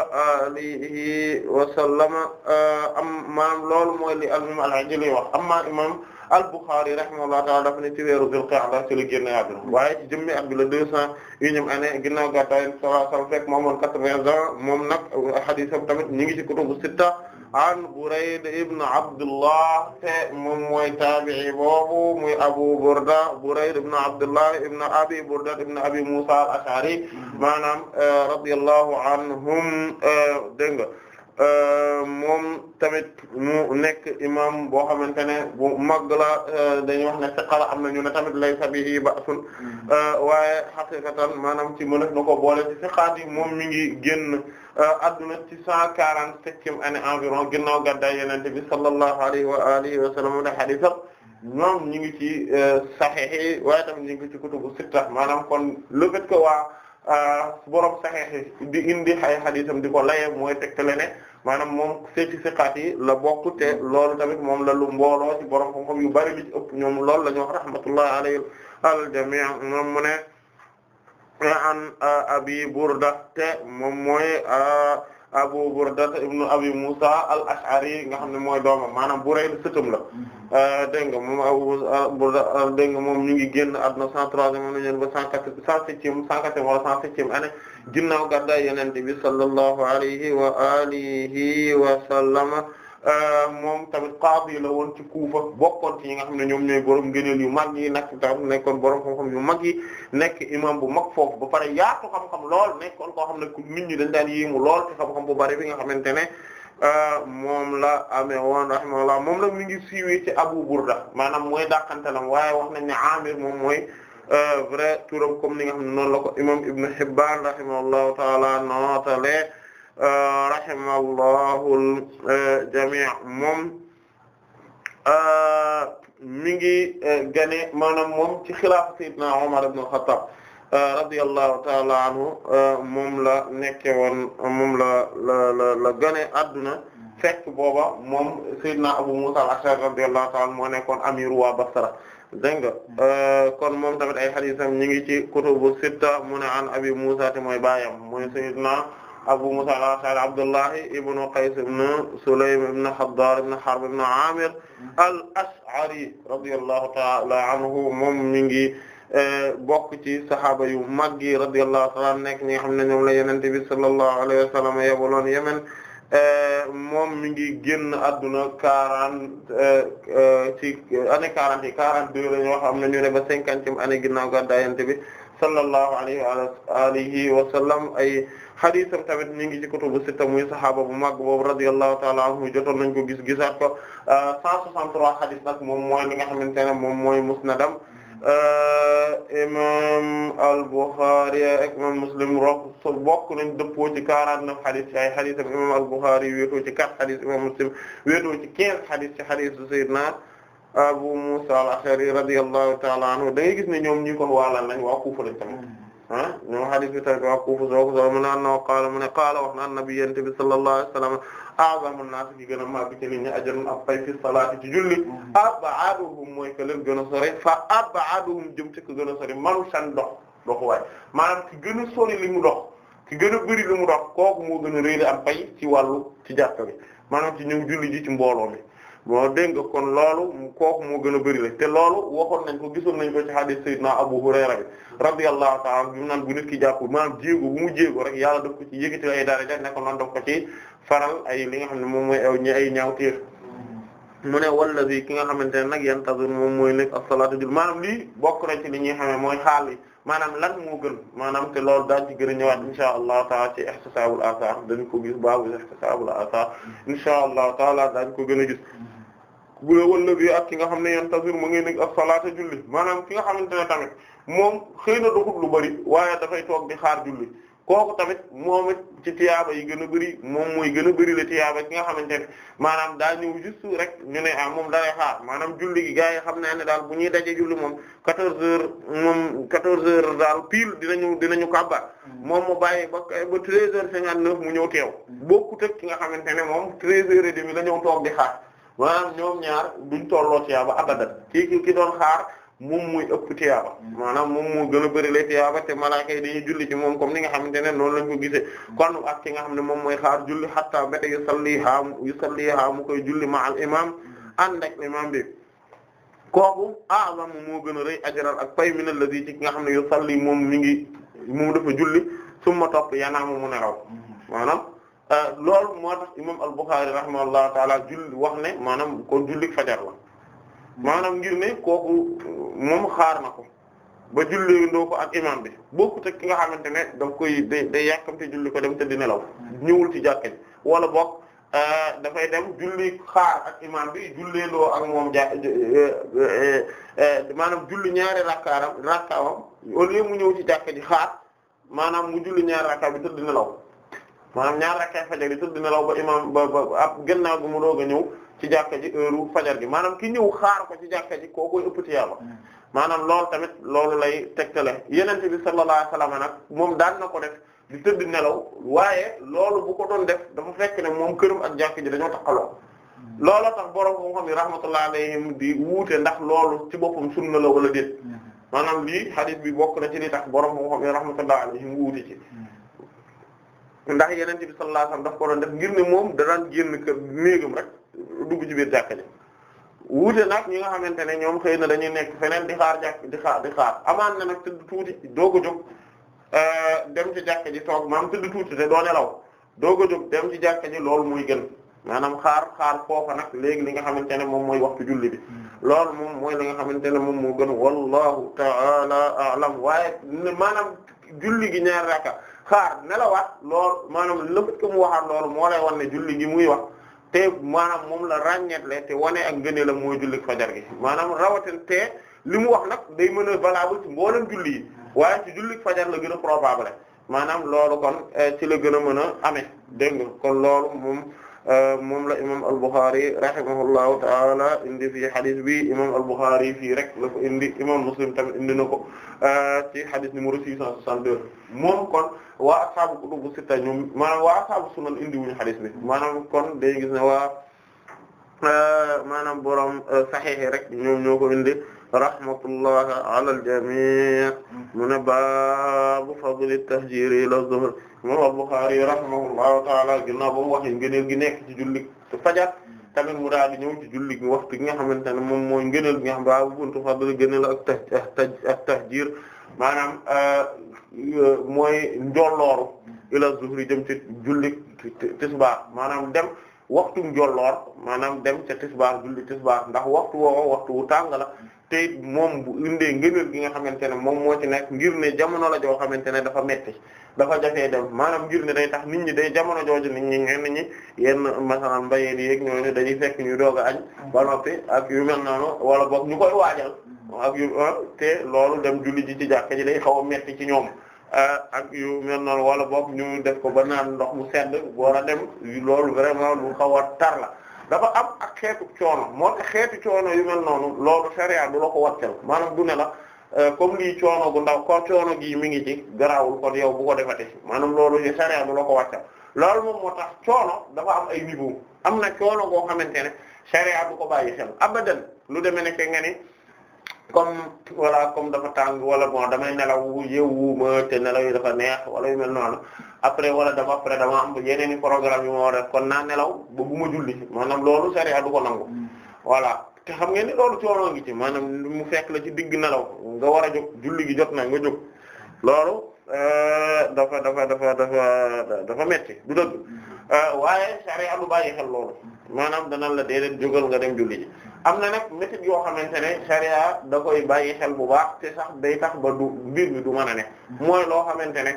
alihi wa sallama eh, am maanaam loolu mooy li al-imam al-Ajli wax amma imam al-Bukhari rahimahullahu ta'ala daf ne ci weeru Dhul Qa'da ci la génn àdduna waaye ci jëmmi at bi la deux cent unième année ginnaaw gàddaay sallallahu alayhi wa sallam fekk moomoon quatre-vingts ans moom nag hadiisam tamit ñu ngi ci kutubu sitta an Burayd ibn Abdullah te moom mooy taabi'i boobu muy Abu Burda Burayd ibn Abdullah ibn Abi Burda ibn Abi Musa al-Ash'ari maanaam euh, radiyallahu anhum euh, dégg nga euh, moom tamit mu nekk imam boo xamante ne bu mag la dañuy wax ne siqa la am na ñu ne tamit laysa bihi ba'sun mm-hmm. waaye haqiqatan maanaam ci mën na ko boole ci siqaat yi moom mi ngi génn. adduna euh, ci cent quarante-septième année environ ginnaaw gàddaay yenente bi sallallahu alayhi wa alihi wa sallam da hadisam ñoom ñi ngi ci euh, saxiix yi waaye tamit ñi ngi ci kutubu sitta maanaam kon le fait que waa euh, borom saxiix di indi ay hadisam di ko laye mooy tegtale ne maanaam moom seet ci yi la bokk te loolu tamit moom la lu mbooloo ci borom xam-xam yu bari li ci ëpp ñoom loolu la ñu wax rahmatullah alayhi al jami' moom mu ne an abi burda te moom mooy abu burda ibnu abi musa al ash'ari nga xam ne mooy dooma maanaam burayd sëtam la mm-hmm. dégg nga moom abu burda dégg nga moom ñu ngi génn àdduna cent troisième moom nañu ba cent quatre cent septième cent quatre wala cent septième année ginnaaw gàddaay yonent bi sallallahu alayhi wa alihi wa sallama Euh, moom tamit qaadi la woon ci Kufa bokkoon ci nga xam ne ñoom ñooy borom ngëneel yu mag yi nag tam nekkoon borom xam yu mag yi nekk imam bu mag foofu ba pare yaatu xam-xam lool nekkoon koo xam ne nit ñi dañ daan yéemu lool ci xam-xam bu bari bi nga xamante ne euh, moom la amee woon rahimahullah moom la mi ngi siiwee ci Abu Burda maanaam mooy dàqantalam waaye wax nañ ne Amir moom mooy euh, vrai turam comme ni nga xam ne noonu la ko imam Ibn Hibban rahimahullahu taala nootalee. rahimahullahu jamii moom euh, mi ngi euh, gane maanaam moom ci xilaafa sayyidina Umar ibn al-Khattab euh, radiyallahu ta'ala anhu moom la nekke woon moom la la la la gane adduna fekk booba moom sayyidina Abu Musa al-Ash'ari radiyallahu ta'ala moo nekkoon amiru waa Basra dégg nga kon moom tamit ay hadiisam ñi ngi ci kutubu sitta mu ne an Abi Musa te mooy baayam mooy sayyidina Abu Musa al-Ash'ari Abdullahi ibn Qays ibn Sulaym ibn Haddar ibn Harb ibn Amir al-Ash'ari radiyallahu ta'ala anhu moom mi ngi e, bokk ci saxaaba yu mag yi radiyallahu ta'ala nekk ñi nga xam ne ñoom la Yonent bi sallallahu alayhi wa sallam yabaloon Yemen e, moom mi ngi génn adduna quarante e, ci année quarante yi quarante deux la ñoo xam ne ñu ne ba cinquantième année ginnaaw gàddaay Yonent bi sallallahu alayhi wa alihi wa sallam ay xadisam tamit ñu ngi ci kutubu sitta muy saxaaba bu màgg boobu radiyallahu ta'ala anhu jotoon nañ ko gis gisaat ko 163 euh, xadis nag moom mooy li nga xamante ne moom mooy musnadam euh, imam al-Bukhari ak imam Muslim rok bokk nañ dëppoo ci 49 xadis ci ay xadisam imam al-Bukhari wéetoo ci 4 xadis imam Muslim wéetoo ci 15 xadis ci xadisu Sayyidina Abu Musa al-Ash'ari radiyallahu ta'ala anhu da ngay gis ne ñoom ñi kon waalan nañ waa Kufa lañ tamit ah ñoo hadis bi tamit waa Kufa soo ko soo mu ne mu ne qaala wax na annabi yente bi sallallahu alayhi wa sallam a'zamu naas ci gën a màgg ci nit ñi ajran ab fay fi salaati ci julli ab'aduhum mooy que leen gën a sori fa ab'aduhum jëm ci ko gën a sori manu san dox doxuwaay maanaam ci gën a sori li gën a bëri li mu dox kooku moo gën a réeri am fay ci wàllu ci jàkka bi maanaam ci ñëw julli ji ci mbooloo mi bon dégg nga kon loolu kooku moo gën a bëri la te loolu waxoon nañ ko gisoon nañ ko ci hadith Seydina Abu Hurayra bi radiyallahu ta'ala bi mu nan bu nit ki jàpp maanaam jéego bu mu jéego rek yàlla daf ko ci yëkkati ay daraja ne ko noonu ay li nga xam ne moom mooy aw ñi ay ñaawteef mu ne wallazi ki nga xamante ne nag yantazir moom mooy nekk as-salatu jul maanaam lii bokk na ci li ñuy xamee mooy xaal yi maanaam lan moo gën maanaam te loolu daal ci gën a ñëwaat insha allah taala ci ihtisabul asar dañ ko gis baabu ihtisabul asar insha allah taala dañ ko gën a gis wala bi ak ki nga xam ne yantasir mu ngi nekk as-salaata julli maanaam ki nga xamante ne tamit moom xëy na doxul lu bari waaye dafay toog di xaar julli kooku tamit moom it ci tiyaaba yi gën a bëri moom mooy gën a bari la tiyaaba ki nga xamante ne maanaam daa ñëw juste rek ñu ne ah moom dalay xaar maanaam julli gi gars yi xam naa ne daal bu ñuy daje julli moom 14 heures moom 14 heures daal pile dinañu dinañu kàbbar moom mu bàyyi ba ba 13 heures mu ñëw teew mm. bokkut ak ki nga xamante ne moom 13 heures et demi la ñëw toog di xaar. maanaam ñoom ñaar duñ tolloo tiyaaba abadan kii ki doon xaar moom muy ëpp tiyaaba maanaam moom moo gën a bëri lay tiyaaba te malaaka dañuy julli ci moom comme ni nga xamante ne noonu lañ ko gisee kon at ki nga xam ne moom mooy xaar julli hatta ba yu salliha yu mu koy julli ma al imam ànd ak imam bi kooku a'zam moo gën a rey ajral ak pay min alladhi ci ki nga xam ne yu salli moom mi ngi moom dafa julli summa topp yanaamu mu nelaw maanaam Euh, loolu moo tax imam al-Bukhârî rahimahullahu taala julli wax ne maanaam kon julli fajar maanaam ngir ne kooku moom xaar na ko ba julli ndoo ko ak imam bi bokkut ak ki nga xamante ne daf koy day day yàkkamte julli ko dem te nelaw ñëwul ci jàkka wala bokk euh, dafay dem julli xaar ak imam bi jullee ndoo ak moom ja euh, maanaam julli ñaari rakkaaram rakkaawam au mu ñëw ci jàkka ji xaar maanaam mu julli ñaari rakkaa bi te di nelaw maanaam ñaar rakkaay fajar yi tudd nelaw ba imaam ba ba ab gannaaw gi mu doog a ñëw ci jàkka ji heure fajar gi maanaam ki ñëw xaar ko ci jàkka ji kooku ëpp tiyaaba hmm. maanaam loolu tamit loolu lay tegtale yeneen bi sallallahu alayhi wasallam nag moom na ko def di tëdd nelaw waaye loolu bu ko doon def dafa fekk ne moom këram ak jàkka ji dañoo taxaloo hmm. looloo tax borom moo xam ne rahmatullah alayhim di wuute ndax loolu ci boppam sunna la wala déet hmm. maanaam lii hadith bi bokk na ci li tax borom moo xam ne rahmatullah alayhim wuute ci. ndax yeneen bi sallallahu alayhi wasallam daf ko doon def ne moom da daan génn kër néegam rek dugg ci biir jàkka ji wuute nag ñi nga xamante ne ñoom xëy na dañuy nekk feneen di xaar jàkk di xaar amaan na nag tëdd tuuti doog a jóg euh, dem ci jàkka ji toog maanaam tëdd doo nelaw doog a jóg dem ji loolu muy gën maanaam xaar xaar foofa nag léegi li nga xamante ne moom mooy waxtu julli bi hmm. loolu moom mooy li nga xamante ne moom moo gën wallahu ta'ala a'lam waaye maanaam julli gi ñaar raka xaar nelawaat loolu maanaam le fait que mu waxaat loolu moo lay julli gi muy wax te maanaam moom la le te wane ak ngëneel la mooy julli fajar gi maanaam rawatin te li mu wax nag day mën a valable ci mboolem julli yi waaye ci julli fajar la gën a probable maanaam loolu kon eh, ci la gën a mën a amee dégg nga kon loolu moom. Eh, moom la imam al-Bukhari rahimahullahu taala indi fi hadith bi imam al-Bukhari fii rek la ko indi imam Muslim tamit indi na ko eh, ci hadith numéro 662 moom kon waa ashaabu kutubu sitta ñoom maanaam waa ashaabu sunan indi wuñu xadis bi maanaam kon day gis ne waa euh, maanaam borom euh, saxiix rek ñoom ñoo ko indi a ala al-jamii' mm-hmm. mu ne baabu fadli tahjiir ila zuhr imam al-Bukhari rahimahullahu taala ginnaaw ba mu waxee ngëneel gi nekk ci julli fajar mm-hmm. tamit mu daal di ñëw ci julli gi waxtu gi nga xamante ne moom mooy ngëneel gi nga xam baabu tahjiir maanaam euh, Euh, mooy njolloor ila zuhri jëm ci julli tisbaar maanaam dem waxtu njolloor maanaam dem ca tisbaar julli tisbaar ndax waxtu woowo waxtu wu tàng la te it moom bu indee ngëneel gi nga xamante ne moom moo ci nekk ngir ne jamono la joo xamante ne dafa metti dafa jafee dem maanaam ngir ne day tax nit ñi day jamono jooju nit ñi ñenn ñi yenn masalan mbayeen yéeg ñooñu dañuy fekk ñu doog a añ ba noppi ak yu mel noonu wala boog ñu koy waajal ak yu ah, te loolu dem julli ji ci jàkka ji day xaw a metti ci ñoom Euh, ak yu mel noonu wala boog ñu def ko ba naan ndox mu sedd war a dem loolu vraiment lu xaw a tar la dafa am ak xeetu coono moo tax xeetu coono yu mel noonu loolu sharia du la ko wàccal maanaam du ne la euh, comme lii coono gu ndaw ko coono mi ngi ci garaawul kon yow bu ko defati maanaam loolu yi sharia du la ko wàccal loolu moom moo tax coono dafa am ay niveau am na coono goo xamante ne sharia du ko bàyyi xel abadan lu demee nekk nga ni comme voilà comme dafa tàng wala bon damay nelaw yeewu ma te nelaw yi dafa neex wala yu mel noonu après wala dama après dama am yeneen i programme yu ma war a kon naa nelaw ba bu ma julli maanaam loolu sariya du ko nangu mm. voilà te xam ngeen ni loolu coono ngi ci maanaam mu fekk la ci digg nelaw nga war a jóg julli gi jot na nga jóg loolu euh, dafa dafa dafa dafa metti du dëgg mm. euh, waaye sariya du bàyyi xel loolu maanaam dana la déedéet jógal nga dem julli ji am na nag métit yoo xamante ne sharia da koy bàyyi xel bu baax te sax day tax ba du mbir mi du mën a ne mooy loo xamante ne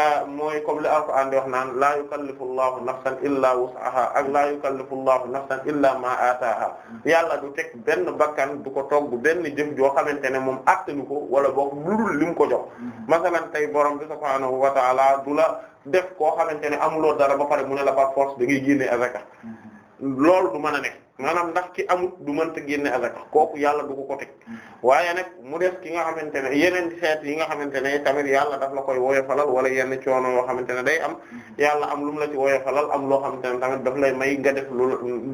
euh, mooy comme li alquran di wax naan laa yukallifu llahu nafsan illa wus'aha ak laa yukallifu llahu nafsan illa ma ataaha yàlla du teg benn bakkan du ko togg benn jëf joo xamante ne moom attanu ko wala boog ludul li mu ko jox mm-hmm. masalan tey borom bi subhaanahu wa ta'ala du la def koo xamante ne amuloo dara ba pare mu ne la par force da ngay génne azaka mm-hmm. loolu du mën a nekk maanaam ndax ki amut du mënta génne azaka kooku yàlla du ko ko teg mm-hmm. waaye nag mu def ki nga xamante ne yeneen xeet yi nga xamante ne tamit yàlla daf la koy woyofalal wala yenn coono yoo xamante ne day am mm-hmm. yàlla am lu mu la ci woyofalal am loo xamante ne tamit daf lay may nga def lu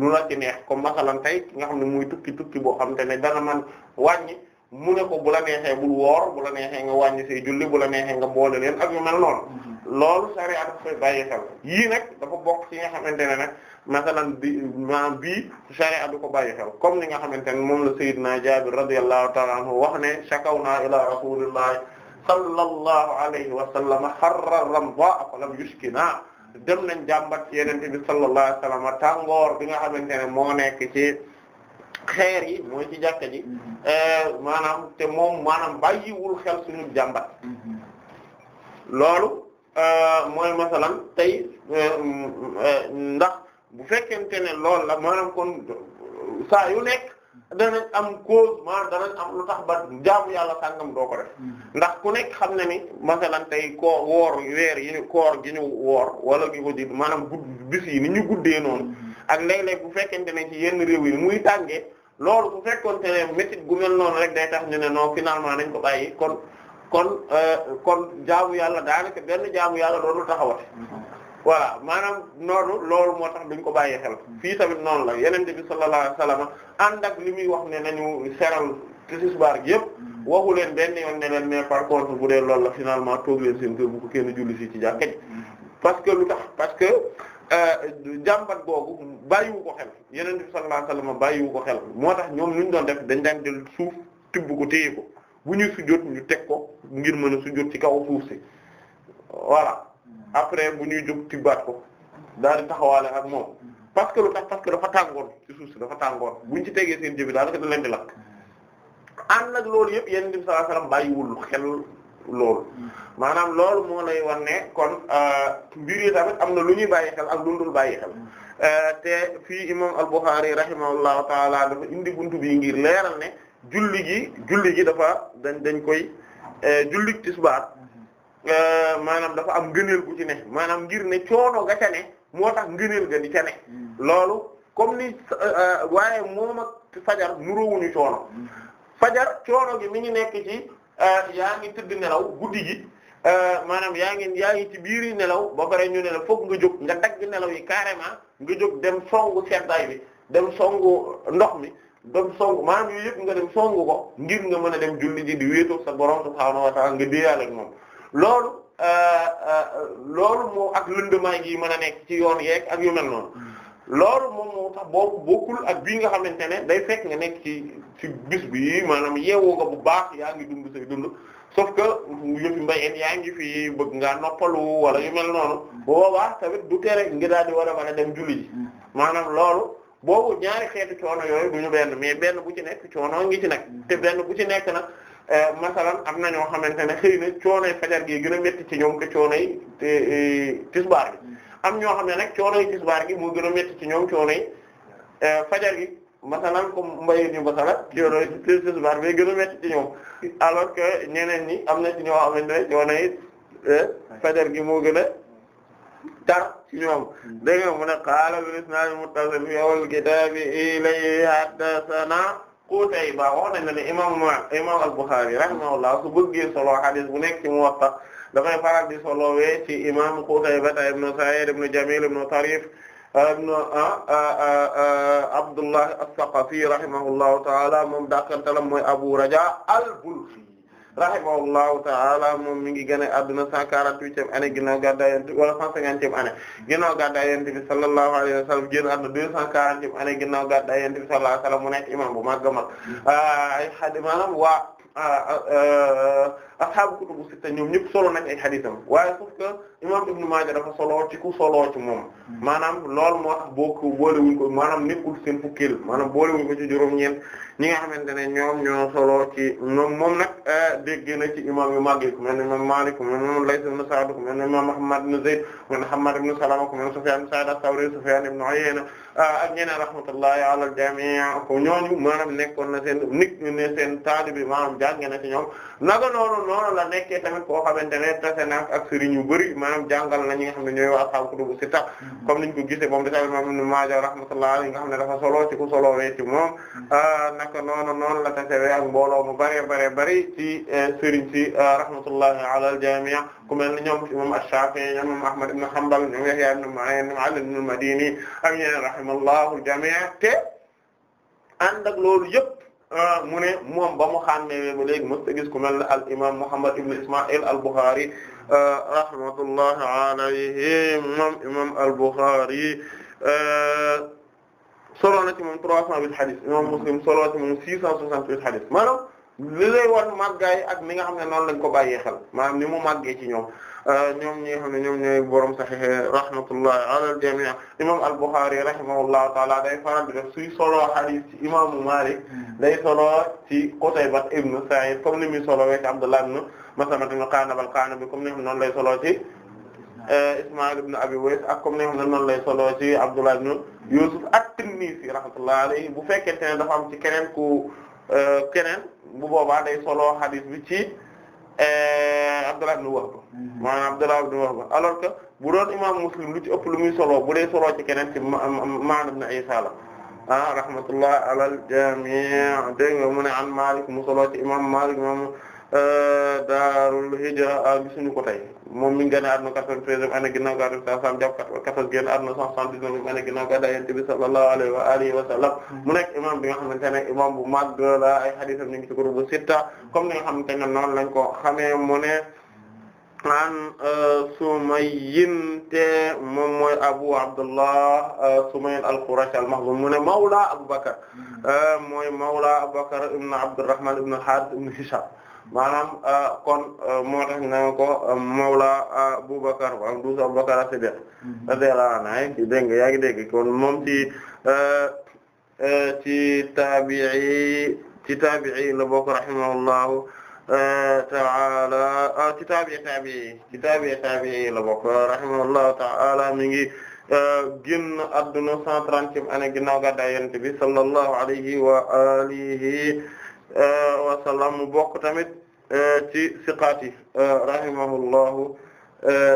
lu la ci neex comme masalan tey ki nga xam ne muy tukki tukki boo xamante ne dana man wàññi mu ne ko bu la neexee bul woor bu neexee nga wàññi say julli bu la neexee nga boole leen ak yu mel noonu mm-hmm. loolu sariya daf koy bàyyi xel yii nag dafa bokk ci nga xamante ne nag masalan bi maanaam bii sharia du ko bàyyi xel comme ni nga xamante ne moom la sayyidina Jaabir radiyallahu ta'ala anhu wax ne shakawna ila rasulillahi sallallahu alayhi wa sallam harra ramdaa fa lam yushkina dem nañ jàmbat ci yeneen bi sallallahu alayhi wa sallam tàngoor bi nga xamante ne moo nekk ci xeer yi mooy ci jàkka ji mm-hmm. eh, maanaam te moom maanaam bàyyiwul xel suñu jàmbat mm-hmm. loolu eh, mooy masalan tey eh, mm, ndax bu fekkente ne loolu la maanaam kon saa yu nekk danañ am cause maanaam danañ am lu tax ba jaamu yàlla sàngam doo ko def mm-hmm. ndax ku nekk xam ne ni masalan tey koo woor weer yi ñu koor gi ñu woor wala gi ko ji maanaam gudd bis ñu guddee noonu mm-hmm. ak léeg-léeg bu fekkente ne ci yenn réew yi muy tàngee loolu bu fekkoonte ne métit gu mel noonu rek day tax ñu ne non finalement nañ ko bàyyi kon kon euh, kon jaamu yàlla daanaka benn jaamu yàlla doonul taxawate mm-hmm. voilà maanaam noonu loolu moo tax duñ ko bàyyi xel fii tamit noonu la yeneen bi sallallahu alayhi wasallam ànd ak li muy wax ne nañu seral tisbaar gi yëpp waxu leen benn yoon ne leen mais par contre bu dee loolu la finalement toog leen seen kër bu ko kenn julli fii ci jàkka ji parce que lu tax parce que euh, jàmbat googu bàyyiwu ko xel yeneen bi sallallahu alayhi bàyyiwu ko xel moo tax ñoom lu ñu doon def dañ daan del suuf tibb ko téye ko bu ñuy sujjóot ñu teg ko ngir mën a sujjóot ci kaw suuf si après bu ñuy jóg tibbaat ko daal di taxawaale ak moom parce que lu tax parce que dafa tàngoon ci suuf si dafa tàngoon buñ ci tegee seen jëbi daanaka da leen di lakk ànd ak loolu yëpp yéen di sallallahu alayhi wasallam bàyyiwul xel loolu maanaam loolu moo lay wan ne kon euh, mbir yi tamit am na lu ñuy bàyyi xel ak lu dul bàyyi xel euh, te fii imam al-Bukhari rahimahullahu taala dafa indi buntu bi ngir leeral ne julli gi julli gi dafa dañ dañ koy euh, julli tisbaar Euh, maanaam dafa am ngëneel gu ci ne maanaam ngir ne coono ga ca ne moo tax ngëneel ga di ca ne hmm. loolu comme ni euh, waaye moom ak fajar nuróowuñu coono hmm. fajar coono gi mi ngi nekk ci euh, yaa ngi tëdd nelaw guddi gi maanaam yaa ngi yaa ngi ci biir yi nelaw ba pare ñu ne la fokk nga jóg nga dagg nelaw yi carrément nga jóg dem songu seddaay bi dem songu ndox mi dem songu maanaam yooyu yëpp nga dem songu ko ngir nga mën a dem julli ji di wéetoo sa borom subhaanahu wa ta'ala nga déeyal moom loolu euh, euh, loolu moo ak lëndëmaay gi mën a nekk ci yoon yeeg ak yu mel noonu loolu moom moo tax boobu bokkul ak bii nga xamante ne day fekk nga nekk ci ci bis bi maanaam yeewoo nga bu baax yaa ngi dund say dund sauf que yëfi mbayeen yaa ngi fi bëgg ngaa noppalu wala yu mel noonu boobaa tamit du tere ngi daal di war a mën a dem julli ji maanaam loolu boobu ñaari xeetu coono yooyu du ñu benn mais benn bu ci nekk coono ngi ci nag te benn bu ci nekk na Euh, masalan am na ñoo xamante ne xëy na fajar gi gën a métti ci ñoom que coonoy e, tisbaar gi am ñoo xam ne nag coonoy tisbaar gi moo gën a métti ci ñoom coonoy euh, fajar gi masalan comme mbay ñu gën a ñeneen ñi am na ñoo xamante ne coonoy e, fajar gi moo gën a tar ci ñoom dégg nga mu ne qaala bil Qutayba ba wax nañ la ne imam imam al-Bukhari rahimahullah su bëggee solo hadis bu nekk ci Muwatta dafay faral di solowee ci imam Qutayba ibn Sa'id ibn Jamil ibn Tarif ah, ibn ah, ah, Abdullah as-Saqafi rahimahullahu ta'ala moom dakantalam mooy Abu Raja al-Bulkhi rahimahullahu ta'ala moom mi ngi gën a adduna 148e année ginnaaw gàddaay Yonent bi wala 150e année ginnaaw gàddaay Yonent bi sallallahu alayhi wa sallam génn adduna 240e année ginnaaw gàddaay Yonent mu nekk imam bu mag a mag ah, ay xadi waa ah, ah, ashaabu kutubu sitta ñoom ñëpp solo nañ ay xadiisam waaye sauf que imam Ibn Maaja dafa solo ci ku solo ci moom hmm. maanaam lool moo tax boo ko boolewuñ ko maanaam nekkul seen fukkil maanaam boolewuñ ko ci juróom-ñeent ñi nga xamante ne ñoom ñoo solo ci ñoom moom nag eh, dégg na ci imam yu màgg yi ku mel ne imam Maalik ku mel ne imam Layth ibn Sa'd ku mel ne imam Ahmad ibn Zayd ku mel ne Hammad ibn Salama ku mel ne Sufyaan ibn Sa'id as-Sawri Sufyaan ibn Uyayna eh, ak ñeneen na seen nit ne seen taalibe maanaam jàng na ci ñoom noonu la nekkee tamit koo xamante ne tase na ak sëriñ yu bëri maanaam jàngal na ñi nga xam ne ñooy waa xam kutubu sitta mm-hmm. comme niñ ko gisee moom di tamit moom Ibn Maaja xam ne dafa solo ci ku solo wee ci moom mm-hmm. ah, naka noonu la tasewee ak mbooloo mu bëree bëree bari ci eh, sëriñ si ah, rahmatullahi ala al-jami'a ku mel ne ñoom imam Ash-Shafi'i ñoom imam Ahmad ibn Hanbal ñoom Yahya ibn Ma'in Ali ibn al-Madini ak ñeneen rahimallahu al te ànd ak loolu yëpp Euh, mu ne moom ba mu xàmmee ba léegi mos a gis ku mel ne al imaam Muhammad ibn Isma'il al Bukhari euh, rahmatullahi alayhi moom imaam al Bukhari euh, solo na ci moom 308 hadith imaam Muslim solo ci moom 668 hadith maanaam li lay war màggaay ak ni nga xam ne noonu lañ ko bàyyee xel maanaam ni mu màggee ci ñoom. ñoom ñi nga xam ne ñoom ñooy borom sahih rahmatullahi ala al-jami' imam al-Bukhari rahimahullahu ta'ala day faral di def solo hadith ci imaamu Malik hmm. day solo ci Qutayba ibn Sa'id comme ni muy solo ci Abdullah ibn Maslama ibn Qa'nab al-Qa'nabi comme ni nga xam ne lay solo ci eh, Isma'il ibn Abi Ways ak comme ni nga xam noonu lay solo ci Abdullah ibn Yusuf at-Tinnisi rahmatullahi alayhi bu fekkente ne dafa am ci keneen ku eh, keneen bu boobaa day solo hadith bi ci. Eh, Abdullah ibn Wahb mhm. maanaam Abdullah ibn Wahb alors que bu doon imam Muslim lu ci ëpp lu muy solo bu dee solo ci keneen ci Ma'in ibn Isa la ah rahmatullah ala al-jami' dégg nga mu ne an Malik mu solo ci imam Malik moom eh, Daarul Hijra ah, gisuñu ko tey moom mi ngi gën a àdduna 93e année ginnaaw gàddu gi 100 jàpp 94 génn àdduna 179 année ginnaaw gàddu Yonent bi mu nekk imam bi nga xamante ne imam bu mag la ay hadiisam ñu ngi ci kutubu sitta comme ni nga xamante ne noonu mu ne euh, mooy Abu Abdullah euh, Sumayyin al-Qurashi al-Makhzumi mu ne mawla Abu Bakr mm. euh, mooy mawla Abu Bakr ibn Abdurrahman ibn maanaam euh, kon euh, moo tax na ko euh, Mawla Aboubacar am douze Aboubacar as-Siddiq radiyallahu anhu dégg nga yaa ngi dégg kon moom ci ci taabi'i ci la bokk rahimahullahu ta'ala ta'ala mi ngi génn adduna cent trentième année ginnaaw gàddaay Yonent bi sallallahu alayhi Eh, wa sallam mu bokk tamit eh, ci siqaat yi eh, rahimahullahu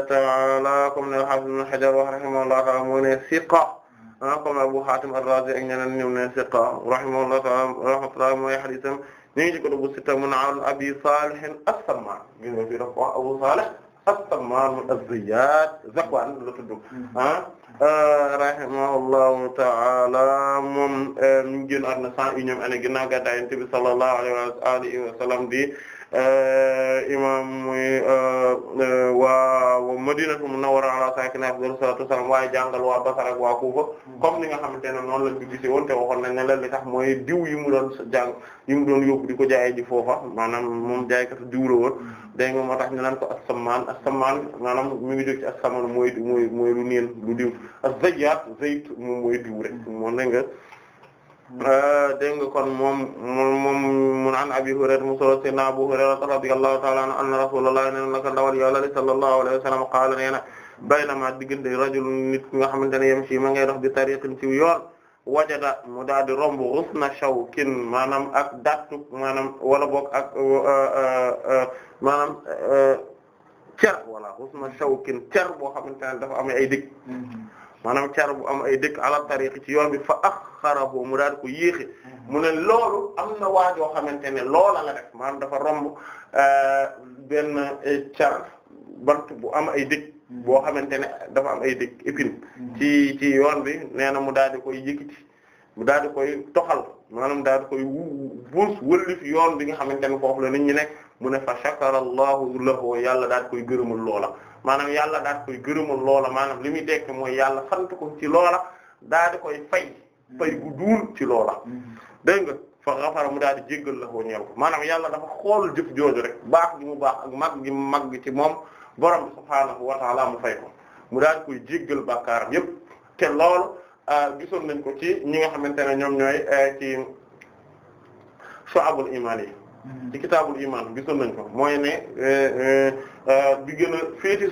taala comme ne al-Hafiz Ibn Hajar wax rahimahullahu taala moo ne siqa ah, comme Abu Hatim ar-Razi ak ñeneen ñoom ne siqa rahimahullahu taala rahmatullah mooy hadiisam ñu ngi ci kutubu sitta mu ne an Abi Salih as-Samman gis nga fi dafa wax Abu Salih as-Sammaan az-Zayyaat Zakwaan la tudd ah rahimahullahu ta'ala moom ñu euh, génn àdduna cent unième année ginnaaw gàddaay Yonent bi sallallahu alayhi wa alihi wa sallam di Eh, imam muy eh, eh, waa Madinatu Munawwara ala saakinihaa afdalu salaatu wa salaam waaye jàngal waa Basra ak waa Kufa hmm. comme ni nga xamante ne noonu lañ ko gisee woon te waxoon nañ ne la li tax mooy diw yi mu doon jàng yi mu doon yóbbu di ko jaayee ji foofa maanaam moom jaaykatu diw la hmm. nga moo tax ñu naan ko as-sammaan as-sammaan maanaam mi ngi jóg ci as-sammaan mooy mooy mooy lu neen lu diw az-zayyaat zayt moom mooy diw rek hmm. moom la nga. dégg nga kon moom moom mun an Abi Hurayra mu solo sayyidina Abu Hurayra radiyallahu ta'ala anhu anna Rasulullah ne naka ndawal Yàlla sallallahu alayhi wa sallam qaala nee na baynama diggante rajulun nit ki nga xamante ne yamshi ma ngay dox bi tariqin ci yoon wajada mu daal di romb rusna shawkin maanaam ak dattu maanaam wala boog ak uh, uh, uh, maanaam cer wala rusna shawkin cer boo xamante ne dafa am ay dig mm-hmm. maanaam car bu am ay dëkk ala ci yoon bi fa axarahu mu daal ko yéexe mu ne loolu am na waajoo xamante ne loola la def maanaam dafa romb euh, benn euh, car bant bu am ay dëkk boo xamante ne dafa am ay dëkk épine ci ci yoon bi nee na mu daal di koy yëkkati mu daal di koy toxal maanaam daal di koy buus wëllif yoon bi nga xamante ne foofu la nit ñi nekk mu ne fa shakara allahu lahu yàlla daal di koy gërëmul loola maanaam yàlla daal koy gërëmal loola maanaam li muy dekk mooy yàlla sant ko ci loola daal di koy fay fay gu duul ci loola mm-hmm. dégg nga fa xafara mu daal di jéggal la koo ñeel ko maanaam yàlla dafa xool jëf jooju rek baax gi mu baax ak mag gi mu mag gi ci moom borom subhaanahu wa ta'ala mu fay ko mu daal koy jéggal bàkkaaram yépp te lool euh, gisoon nañ ko ci ñi nga xamante ne ñoom ñooy euh, ci shu'abul iman yi ci kitaabul iman gisoon nañ ko mooy ne eh, eh, eh, bi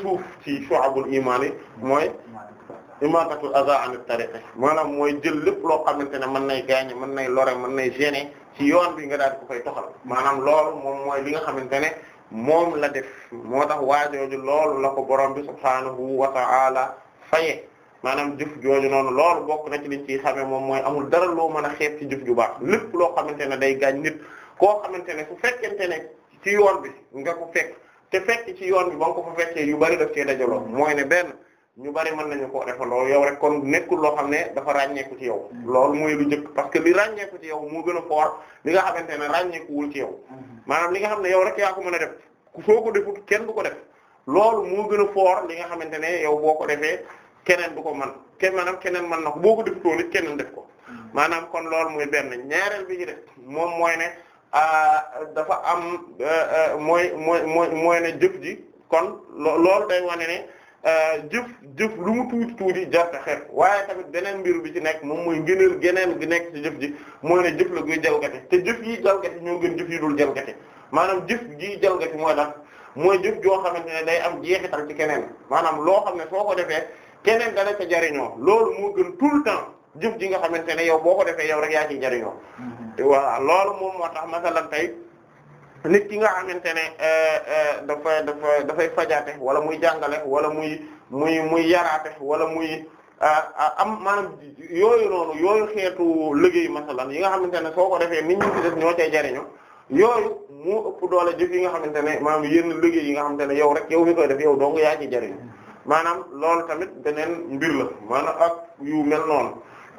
suuf ci shu'abul iman yi mooy imatatul aza an tariqi maanaam mooy jël lépp loo xamante ne mën nay gaañ mën nay lore mën nay gêner ci yoon bi nga daal di ko koy toxal maanaam lool moom mooy li nga xamante ne moom la def moo tax waajooju lool la ko borom bi subhaanahu wa ta'ala faye maanaam jëf jooju noonu lool bokk na ci liñ ciy xamee moom mooy amul dara loo mën a xeeb ci jëf ju baax lépp loo xamante ne day gaañ nit koo xamante ne su fekkente ne ci yoon bi nga ko fekk te fekk ci yoon bi ba nga ko fa fekkee yu bari daf cee dajaloo mooy ne benn ñu bari mën nañu koo defaloo yow rek kon nekkul loo xam ne dafa ràññeeku ci yow mm. loolu mooy lu njëkk parce que li ràññeeku ci yow moo gën a fort li nga xamante ne ràññeekuwul ci yow mm-hmm. maanaam li nga xam ne yow rek yaa ko mën a def soo ko defut kenn du ko def loolu moo gën a fort li nga xamante ne yow boo ko defee keneen du ko man kenn maanaam keneen man na ko boo ko defutoo nit keneen def ko mm. maanaam kon loolu muy benn ñaareel bi ci moom mooy ne Ah, dafa am eh, eh, mooy mooy mooy mooy ne jëf ji kon loolu day wane ne eh, jëf jëf lu mu tuuti tuuti jarta xeet waaye tamit beneen mbir bi ci nekk moom mooy ngëneel geneen gi nekk ci jëf ji mooy ne jëf la guy jalgati te jëf yi jalgati ñoo gën jëf yi dul jalgati maanaam jëf gi jalgati mooy tax mooy jëf joo xamante ne day am jeexital ci keneen maanaam loo xam ne soo ko defee keneen dana ca jariñoo loolu moo gën tout le temps jëf ji nga xamante ne yow boo ko defee yaw rek yaa ci jariñoo voilà mm-hmm. loolu moom moo tax masalan tey nit ki nga xamante ne euh, euh, dafa dafa dafay fajaate wala muy jàngale wala muy muy muy yaraate wala muy a euh, am maanaam yooyu noonu yooyu xeetu liggéey masalan yi nga xamante ne soo ko defee nit ñi ci def ñoo cay jariñu yooyu mu ëpp doole jëf yi nga xamante ne maanaam yenn liggéey yi nga xamante ne yow rek yow mi koy def yow dong yaa ci jariñu mm-hmm. maanaam lool tamit beneen mbir la ak yu mel noonu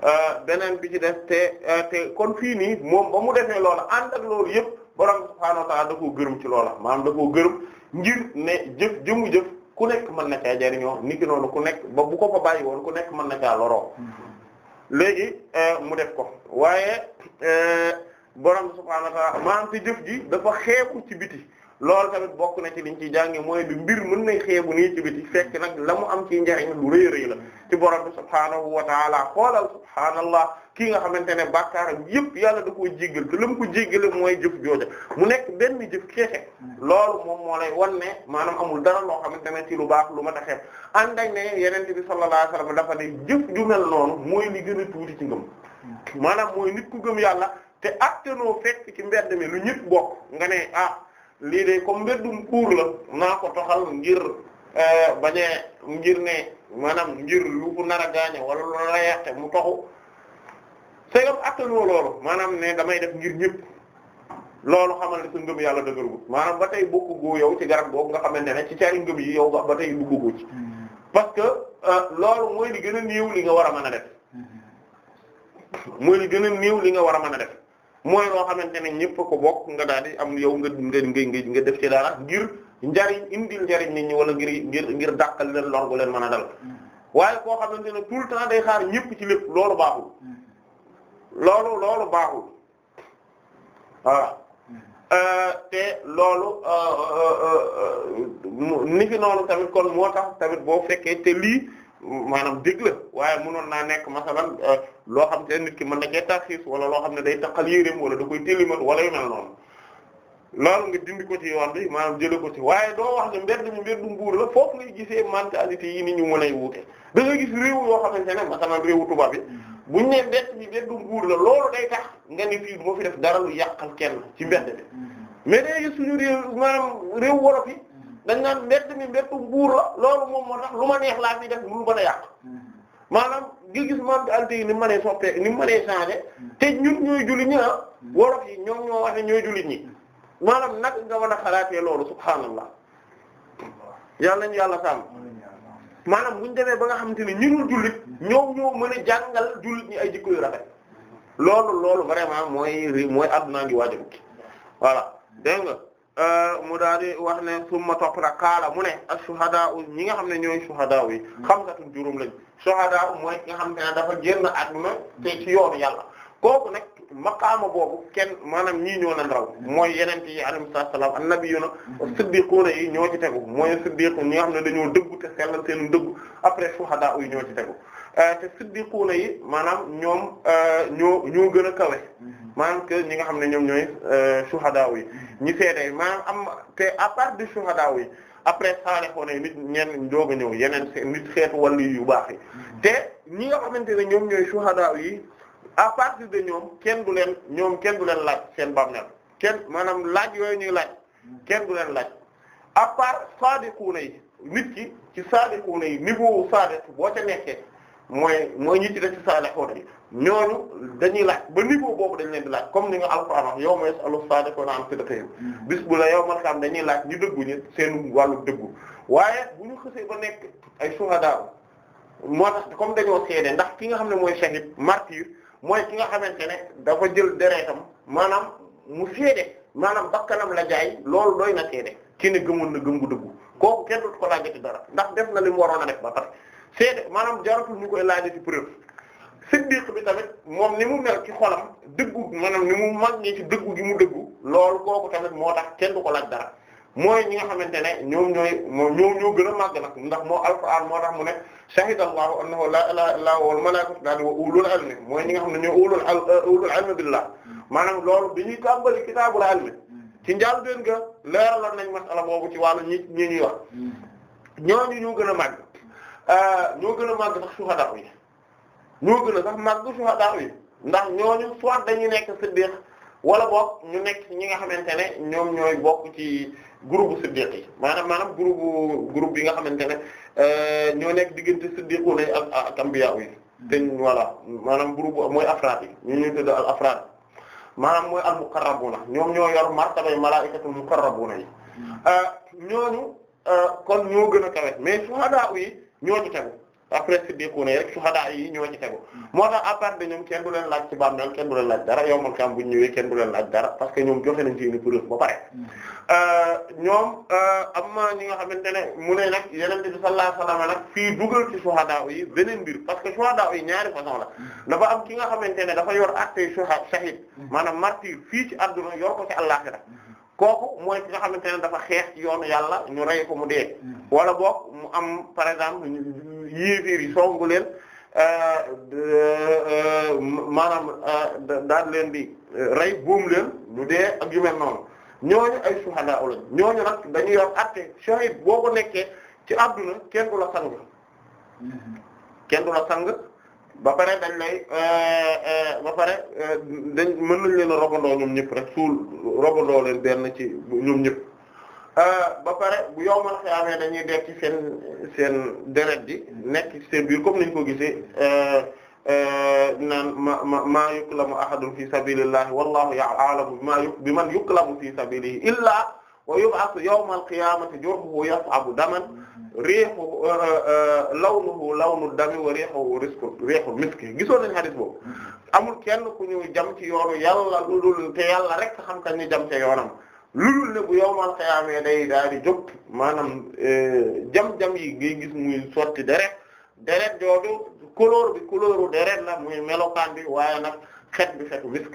Euh, beneen bi ci def te euh, te kon fii nii moom ba mu defee loola ànd ak loolu yëpp borom subhaanahu wa ta'ala gërëm ci loola maanaam da koo gërëm ngir ne jëf jëmu jëf ku nekk mën na caa jariñoo niki noonu ku nekk ba bu ko fa bàyyi woon ku nekk mën na caa loroo léegi euh, mu def ko waaye borom subhaanahu wa ta'ala maanaam ci jëf ji dafa xeebu ci biti loolu tamit bokk na ci liñ ciy jànge mooy bi mbir mën na xeebu nii ci biti fekk nag la mu am ci njariñ lu rëy rëy la ci borom bi subhaanahu wa taala xoolal subhaanallah kii nga xamante ne bàkkaaram yëpp yàlla da koo jéggal te lam ko jéggale mooy jëf jooja mu nekk benn jëf keexe loolu moom moo lay wan maanaam amul dara loo xamante ne ci lu baax lu ma taxeeb ànd ak ne yenen bi sallallahu alayhi wasallam dafa ne jëf ju noonu mooy li gën a tuuti ci ngëm maanaam mooy nit ku gëm yàlla te attanoo fekk ci mbedd mi lu ñëpp bokk nga ne ah lii de comme mbeddum kuur la naa ko toxal ngir Euh, bañ ngir ne maanaam ngir lu ko nar a gaañe wala lu nar a yàqe mu toxu segam attanoo loolu maanaam ne damay def ngir ñëpp loolu xamal ne sa ngëm yàlla dëgërgut maanaam ba tey bokku yow ci garab boobu nga xamante ne ci cari ngëm yi yow ba tey duggagoo parce que euh, loolu mooy li gën a néew li nga war a mën a def mooy li gën a néew li nga war a mën a def mooy loo xamante ne ñëpp ko bokk nga daal di am yow nga nga nga nga def ci dara ngir njariñ indil njariñ nit ñi wala ngir ngir ngir dàqal leen lor leen mën a dal mm-hmm. waaye koo xamante ne tout le temps day xaar ñëpp ci lépp loolu baaxul mm-hmm. loolu loolu baaxul mm-hmm. euh, te loolu euh, euh, ni noonu tamit kon moo tax tamit boo fekkee te lii maanaam dégg la waaye mënoon naa nekk masalan loo xam te nit ki man na cee tarxiis wala loo xam ne day taqal yéreem wala da koy télimal wala yu mel noonu loolu nga dindi ko ci yoon bi maanaam jële ko ci waaye doo wax ne mbedd mu mbeddu nguur la foofu ngay gisee mentalité yi ni ñu mën ay wuute da nga gis réew yoo xamante ne masalan réewu tubaab bi ne mbedd la loolu day tax nga ni fii moo fi def dara lu yàqal kenn ci mbedd mais léegi suñu réew maanaam réew wolof yi dañ naan mbedd mi mbeddu nguur loolu moom moo tax lu ma neex laa fi def lu mën a yàq maanaam nga gis mentalité yi ni mënee soppee ni mënee changer te ñun ñooy juli ñi ah mm. wolof yi ñoom ñoo wax ne ñooy jullit ñi maanaam nag nga mën a xalaatee loolu subhaanallah yàlla nañu yàlla sàmm maanaam bu ñu demee ba nga xamante ni ñunul jullit ñoom ñoo mën a jàngal jullit ñi ay jikko yu rafet loolu loolu vraiment mooy mooy addunaa ngi waajal voilà dégg nga euh, mu daal di wax ne summa topp na kaala mu ne ak shuhadaa ñi nga xam ne ñooy shuhadaa yi xamsatun juróom lañ shuhadaa mooy ki nga xam ne dafa génn àdduna te ci yoonu yàlla kooku nag maqaama boobu kenn maanaam ñii ñoo leen raw mooy yeneen yi alayhi salaam annabiyuna siddiquuna yi ñoo ci tegu mooy siddiqu ñi nga xam ne dañoo dëggu te sellal dëggu après shuhada yi euh, yi maanaam ñoom euh, ñoo ñoo gën a kawe maanaam ñi nga xam ne ñoom ñooy euh, shuhada yi ñi seede maanaam am te à part de shuhada yi après saalihuuna yi nit ñenn njoog a ñëw yeneen nit xeetu wàllu yu baax yi te ñi nga xamante ne ñoom ñooy shuhada yi à partir de ñoom kenn du leen ñoom kenn du leen laaj seen bàmmeel kenn maanaam laaj yooyu ñuy laaj kenn du leen laaj à part saadiquuna yi nit ki ci saadiquuna yi niveau saadiq boo ca nekkee mooy mooy ñi ci def ci saalihuuna yi ñooñu dañuy ba niveau boobu dañ leen di comme ni nga alquran wax yawma yas'alu saadiquuna an bis bu la yawmal qiyaama dañuy laaj ñu dëggu ñu seen wàllu dëggu waaye bu ñu xësee ba nekk ay shuhadaa moo tax comme dañoo seede ndax ki nga xam ne mooy shahid martyr mooy ki nga xamante ne dafa jël deretam maanaam mu seede maanaam bakkanam la jaay loolu doy na seede ci ne gëmoon na gëm gu dëggu kooku kenn du ko laajati dara ndax def na li mu waroon a def ba pare seede jaratuñu jaratul ñu koy laajati preuve siddiq bi tamit moom ni mu mel ci xolam dëggu maanaam ni mu mag ñi ci dëggu gi mu dëggu loolu kooku tamit moo tax kenn du ko laaj dara mooy ñi nga xamante ne ñoom ñooy moom ñoom ñoo gën a màgg nag ndax moo alquran moo tax mu ne shahida allahu annahu la ilaha illa huwa wal malaa'ikatu daal wa ulul ilmi mooy ñi nga xam ne ñooy ulul euh, ulul ilmi billah maanaam loolu bi ñuy tàmbali kitaabul ilmi ci njaal dén nga leeraloon nañ masala boobu ci wàllu ñi ñi ñuy wax ñooñu ñoo gën a màgg euh, ñoo gën a màgg sax shuhada yi ñoo gën a sax màgg shuhada yi ndax ñooñu soit dañuy nekk siddiq wala boog ñu nekk ñi nga xamante ne ñoom ñooy bokku ci groupe siddiq yi maanaam maanaam groupe yi nga xamante ne euh, ñoo nekk diggante siddiqu ne a ak ambiya yi te hmm. voilà maanaam groupe mooy afraad yi ñu ñuy tudd al afraad maanaam mooy al muqarrabuna ñoom ñoo yor martabay malaa'ikatul muqarrabuna yi hmm. euh, ñooñu euh, kon ñoo gën a kawe mais suhadaa yi ñoo tegu après siddiquuna yi rek suhadaa yi ñoo ci tegu moo tax à part de ñoom kenn du leen laaj ci bàmmeel kenn du leen laaj dara yow man kam bu ñu ñëwee du leen laaj dara parce que ñoom joxe nañ ci une preuve pare mm-hmm. euh, ñoom euh, am na ñi nga xamante ne mu ne nag yeneen bi sallallahu alayhi wasallam nag fii dugal ci suhadaa yi beneen mbir parce que suhadaa yi ñaari façon la mm-hmm. dafa am ki nga xamante ne dafa yor acte shahid mm-hmm. maanaam martyr fii ci adduna yor ko kooku mooy ki xamante ne dafa xeex yoon yàlla ñu rey ko mu dee mm-hmm. wala boog mu am par exemple yéeféer yi songu leen euh, euh, maanaam euh, daal leen di rey buum leen lu dee ak yu mel noonu ñooñu ay suhadaa lañ ñooñu nag dañu yor atte shahid boo ko nekkee ci àdduna kenn du la sang mm-hmm. kenn du la sang ba pare dañ lay euh, euh, ba pare euh, dañ mën nañ leen a robandoo ñoom ñëpp rek suul robandoo leen benn ci ñoom ñëpp ba pare bu yow man amee dañuy def ci seen seen deret ji nekk ci seen biir comme niñ ko gisee naan ma ma maa yuklamu ahadun fi sabilillahi wallahu ya'lamu bi ma bi man yuklamu fi sabilihi illa wa yub'athu yawmal qiyaamati jurhuhu yas'abu daman riihu uh, uh, uh, law lawnu dami wa riihuhu risku riihu miski gisoon nañ hadith boobu amul kenn ku ñu jam ci yoonu yàlla lu dul te yàlla rek xam kañ ñu jam ci yoonam lu dul ne bu yawmal qiyaamee day daal di jóg maanaam jam-jam eh, yi ngay gis muy sotti deret deret jooju couleur bi couleuru deret la muy melokaan bi waaye na xet bi xetu misk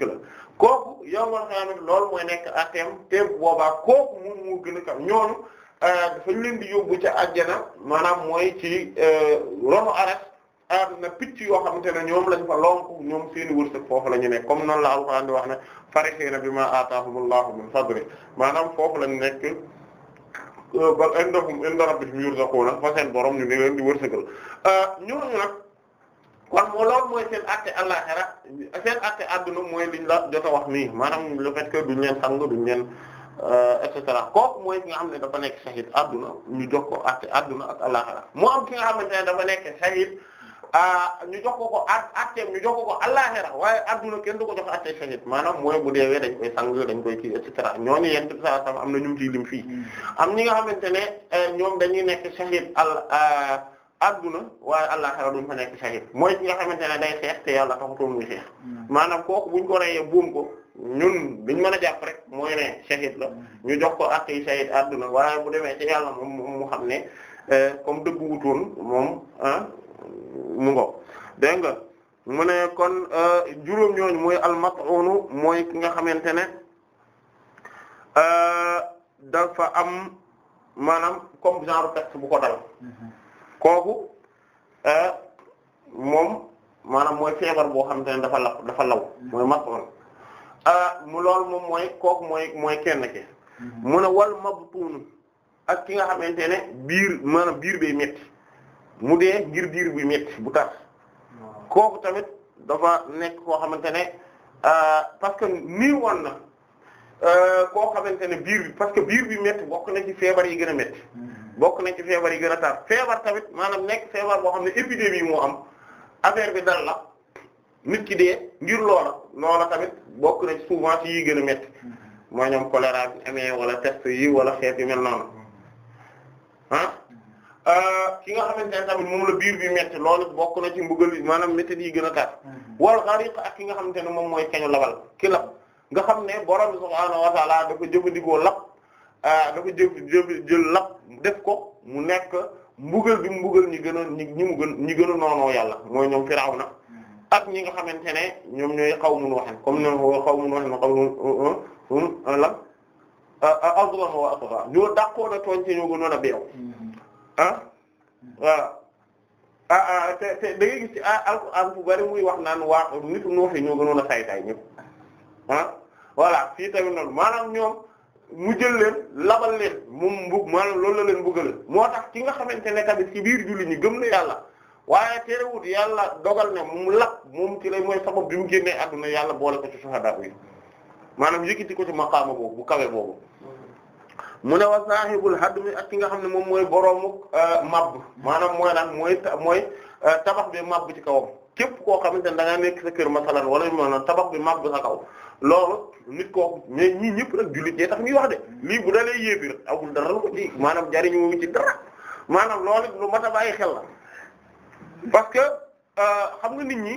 kooku yowmal xiyaamati lool mooy nekk atteem te boobaa kooku moom moo gën a kaw ñooñu euh, dafañ leen di yóbbu ca àjjana maanaam mooy ci euh, ronu aras aar na picc yoo xamante ne ñoom lañ fa lonku ñoom seeni wërsëg foofu la ñu nekk comme noonu la alxuraan di wax ne farihina bimaa aataahumullahu min fadli maanaam foofu lañu nekk euh, bal indahum inda rabbihim yurzaquuna fa seen borom ñu ngi leen di wërsëgal ñooñu kon moo loolu mooy seen àtte àllaxira seen àtte àdduna mooy liñ la jot a wax nii maanaam le fait que duñ leen sang duñ leen euh, et cetera kooku mooy ki nga xam ne dafa nekk shahid àdduna ñu jox ko àtte àdduna ak àllaxira moo am ki nga xamante ne dafa nekk euh, ñu jox ko ko àtteem ñu jox ko ko àllaxira waaye àdduna kenn du ko jox àtte shahid maanaam mooy bu deewee dañ koy sang dañ koy kii et cetera ñooñu yéen tamit am na ñu ngi ciy lim fii mm. am ñi nga xamante ne euh, ñoom dañuy nekk shahid al. adduna waaye àllaaxira duñ fa nekk shahid mooy ki nga xamante ne day xeex te yàlla taxutoon muy xeex hmm. maanaam kooku buñ ko reyee buum ko ñun biñ mën a jàpp rek mooy ne shahid la hmm. ñu jox ko ak yi shahid adduna waaye bu demee ci yàlla moom mu xam ne eh, comme dëgg wutoon moom ah, mu ngo dégg nga mu ne kon eh, juróom ñooñu mooy almat'unu mooy ki nga xamante ne eh, dafa am maanaam comme genre peste bu ko dal hmm. kooku euh, moom maanaam mooy feebar boo xamante ne dafa law dafa law mooy euh, mu loolu moom mooy kooku mooy mooy kenn ki mhm. mu wal wal mabtuun ak ki nga xamante ne biir maanaam biir bay métti mu dee ngir biir bi métti bu tar kooku tamit dafa nekk koo xamante ne euh, parce que nii woon na koo xamante ne biir bi parce que biir bi métti bokk na ci feebar yi gën a métti mhm. bokk nañ ci feebar yi gën a tar feebar tamit maanaam nekk feebar boo xam ne épidémie moo am affaire bi dal la nit ki dee ngir loola loola tamit bokk nañ souvent yi gën a métti mooy ñoom choléra bi amee wala peste yi wala xeet yu mel noonu ah ki nga xamante ne tamit moom la biir bi métti loolu bokk na ci mbugal maanaam métti yi gën a tar mm-hmm. wal xariq ak ki nga xam xamante ne moom mooy kañu labal ki lab nga xam ne borom subhaanahu wa ta'ala dafa jëfandikoo lab dafa ah, jël jël lap def ko mu nekk mbugal bi mbugal ñi gën a ñi ñi mu gën ñi gën a noonoo yàlla mooy ñoom na ak ñi nga xamante ne ñoom ñooy xaw waxen comme ñoom uh, uh, uh, ah, ah, wa qawmun a tooñ te ñoo a beew mm-hmm. ah waaw te te da ngay gis muy wax naan waa nit ñoo fi gënoon a saytaay ñëpp ah voilà fii tamit noonu maanaam ñoom mu jël leen labal leen moom bu maanaam loolu la leen bëggal moo tax ki nga xamante ne tamit ki biir julli ñi gëm na yàlla waaye terewut yàlla dogal ne mu lap moom ci lay mooy sabab bi mu génnee adduna yàlla boole ko ci suhadaa yi maanaam yëkkati ko ci maqaama boobu bu kawee boobu mu ne wa saahibul hadmi ak ki nga xam ne moom mooy boroomu euh, mabb maanaam mooy lan mooy mooy euh, tabax bi mabb ci kawam képp koo xamante ne da ngaa nekk sa kër masalan wala maanaam tabax bi màgg sa kaw loolu nit koo mais ñii ñëpp nag jullit ñee tax ñuy wax de lii bu dalee yéefir amul dara lu ko ci maanaam jariñu ci dara maanaam loolu lu mat a bàyyi xel la parce que euh, xam nga nit ñi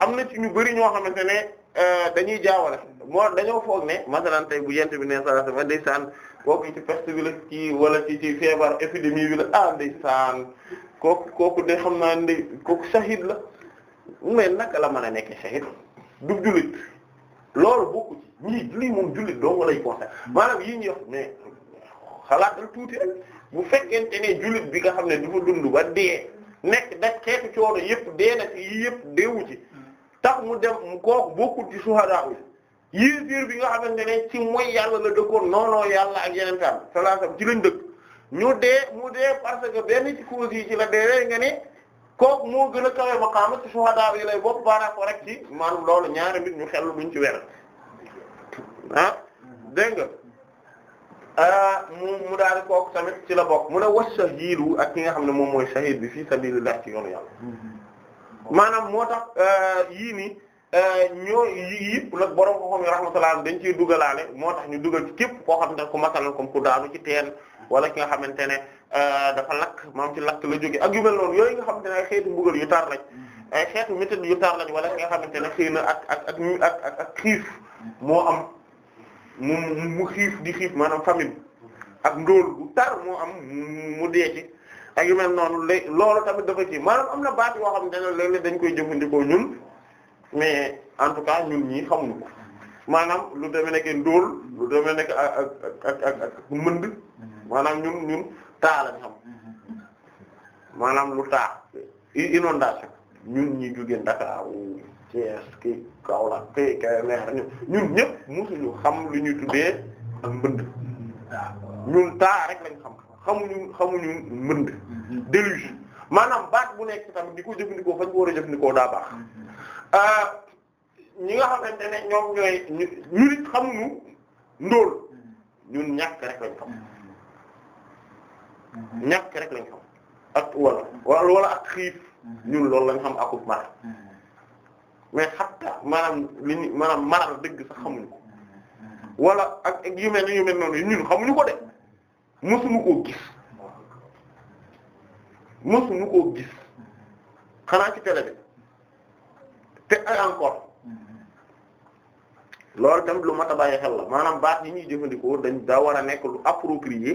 am na ci ñu bari ñoo xamante ne euh, dañuy jaawale moo dañoo foog ne masalan tey bu yent bi ne saa sama ndeysaan kooku ci peste bi la ci wala ci ci feebar épidémie bi la ah ndeysaan kooku kooku de xam naa ndey kooku shahid la mais naka la mën a nekk shahid du jullit loolu bokku ci ñii lii moom jullit dong lay conseil maanaam yii ñuy wax mais xalaatal tuuti rek bu fekkente ne jullit bi nga xam ne dafa dund ba dee nekk da xeetu coono yëpp dee na ci yëpp deewu ci tax mu dem mu kooku bokkul ci suhadaa yi yéeféer bi nga xamante ne ci mooy yàlla la dëkkoon noonoo yàlla ak yeneen tam salaasam ci lañ dëkk ñu dee mu dee parce que benn ci cause yi ci la deewee nga ne kooku moo gën a ba maqaama ci shuhada yi lay bokk baanaa ko rek ci maanaam loolu ñaari mbir ñu xel duñ ci wer ah dégg nga ah, mu mu daal di kooku tamit ci la bokk mu ne wa shahidu ak ki nga xam ne moom mooy shahid bi fii sabilillah ci yoonu yàlla maanaam moo tax ah, yii nii ah, ñoo yii yëpp nag borom ko xam yi rahmatullah dañ ciy dugalaale moo tax ñu dugal ci képp koo xam ne ku masalan comme ku daanu ci teen wala ki nga xamante ne dafa lakk maam ci lakk la jóge ak yu mel noonu yooyu nga xamante ne ay xeetu yu tar lañ ay xeetu métit yu tar lañ wala nga xamante ne xëy na ak ak ak ak ak xiif moo am mu mu xiif di xiif maanaam famine ak ndóol bu tar moo am mu dee yu mel noonu léegi loolu tamit dafa ci maanaam am na baat yoo xam ne léeg-léeg dañ koy jëfandikoo ñun mais en tout cas ñun ñii xamuñu maanaam lu demee nekk ndóol lu demee nekk ak ak ak ak ak mënd maanaam ñun ñun. taa lañ xam maanaam lu taa inondation ñun ñi jóge Dakar Thiès kii Kaolack kii Kébémer ñun ñëpp musuñu xam lu ñuy tuddee ak mbënd ñun taa rek lañ xam xamuñu xamuñu mbënd mm-hmm. déluge maanaam baat bu nekk tamit di ko jëfandikoo fañ ko war a jëfandikoo daa baax mm-hmm. euh, ñi nga xamante ne ñoom ñooy ñu nit xamuñu ndóol mm-hmm. ñun ñàkk rek lañ xam Mm-hmm. ñàkk rek lañ xam ak wala wala ak xiif mm-hmm. ñun loolu lañ xam akub mar mm-hmm. mais xatta maanaam li ñu maanaam maral dëgg sax xamuñu ko wala ak yu mel ni yu mel noonu ñun xamuñu ko de mësuñu koo gis mësuñu koo gis xanaa ci télé bi te ay encore loolu tamit lu mat a bàyyi xel la maanaam baax yi ñuy jëfandikoo dañ daa war a nekk lu approprié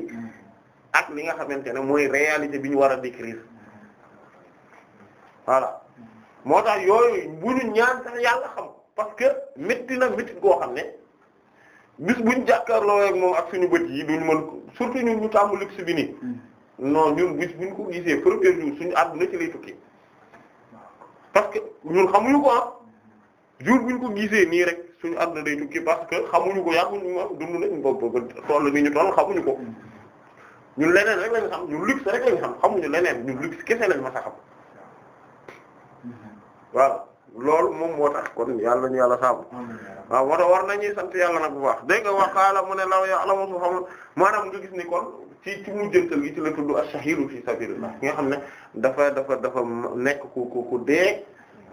ak li nga xamante ne mooy réalité bi ñu war a décrire voilà moo tax yooyu bu ñu ñaan sax yàlla xam parce que métti na métti goo xam ne bis buñ jàkkaarloo ak moom ak suñu bët yi duñu mën surtout ñun ñu tàmm luxe bi nii mm. non ñun bis ñu ko gisee premier jour suñu àdduna ci lay tukki parce que ñun xamuñu ko ah. jour buñ ko gisee nii rek suñu àdduna day tukki parce que xamuñu ko yàgguñu ma dund nañ bopp ba toll ni ñu toll xamuñu ko mm. ñun leneen rek lañ xam ñun luxe rek lañ xam xamuñu leneen ñun luxe kese lañ ma sa xam mm-hmm. waaw loolu moom moo tax kon yàlla ñu yàlla saabu waaw moo war nañu sant yàlla nag bu baax dégg nga waxaala mu ne law ya'lamu su xamul maanaam nga gis ni kon ci ci mujjantal gi ci la a ash-shahidu fi sabilillah ki nga xam ne dafa dafa dafa nekk ku ku ku dee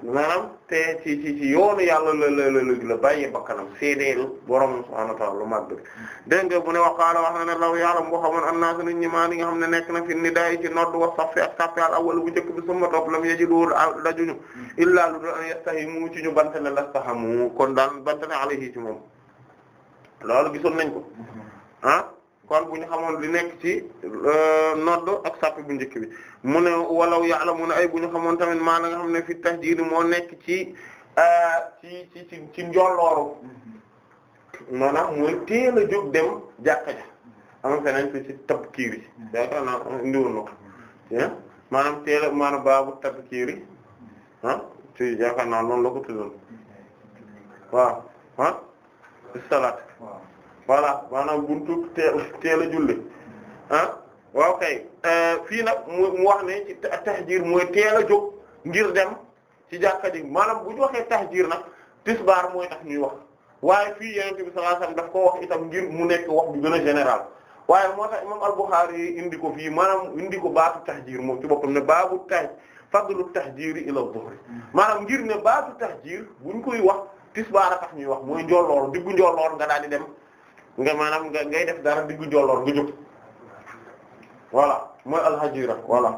maanaam te ci ci ci yoonu yàlla la la la la bàyyi bakkanam seedeelu borom subhaanahu wa ta'aala lu màgg bi dégg nga bu ne waqaala wax na ne law yàlla boo xamoon annaasu nit ñi maa li nga xam ne nekk na fi nidaay ci nodd wa saffi ak saffi al awwal bu njëkk bi summa topp lam yajidu dajuñu illaa lu dul an yastahimu ci ñu bante ne lastahamu kon daan bante ne alayhi ci moom loolu gisoon nañ ko mm-hmm. ah kon bu ñu xamoon li nekk ci euh, nodd ak sàpp bu njëkk bi mu ne walaw ya'lamuna ay bu ñu xamoon tamit maa la nga xam ne fi tahdiid moo nekk ci euh, ci ci ci ci njollooru maanaam mooy teel a jóg dem jàkka ja am feneen fi ci tabkiir yi yaakaar naa indiwoon na ko eh? maanaam teel a maanaam baabu tabkiir yi ah ci yaakaar naa noonu la ko tuddoon waaw ah voilà maanaam buntu teel teel a julli ah waaw kay euh, fii nag mu wax ne ci tahjir mooy teel a jóg ngir dem ci jàkka ji maanaam bu ñu waxee tahjir nag tisbaar mooy tax ñuy wax waaye fii Yonent bi sallallahu alayhi wasallam daf koo wax itam ngir mu nekk wax bu na a général waaye moo tax imam Al-Bukhârî indi ko fii maanaam indi ko baatu tahjir moom ci boppam ne baabu taj fadlu tahjir ila dhuhri maanaam ngir ne baatu tahjir buñ koy wax tisbaar a tax ñuy wax mu njolloor diggu njolloor nga daal di dem nga maanaam nga ngay def dara diggu jolloor nga jóg voilà mooy alhajira voilà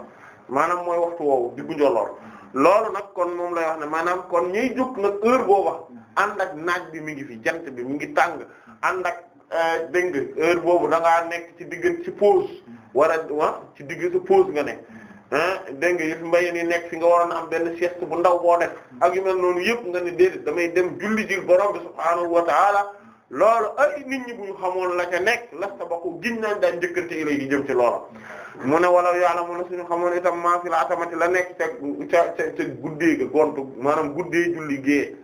maanaam mooy waxtu woowu diggu njolloor loolu nag kon moom lay wax ne maanaam kon ñuy jóg nag heure booba ànd ak naaj bi mi ngi fi jant bi mi ngi tàng ànd ak euh, dégg nga heure boobu da ngaa nekk ci digg ci pause war a ah, ci digg ci pause nga ne dégg nga yëf mbay ni nekk fi nga waroon am benn sieste bu ndaw boo def ak yu noonu yëpp nga ne déedéet damay dem julli ji borom bi subhaanahu loolu ay nit ñi bu ñu xamoon la ca nekk la sabaqu gin naan daan njëkkante ilay yi jëm ci loola mu ne wala yàlla mu ne suñu xamoon itam maa fi la atamati la nekk ca ca ca guddee ga gontu maanaam guddee julli gée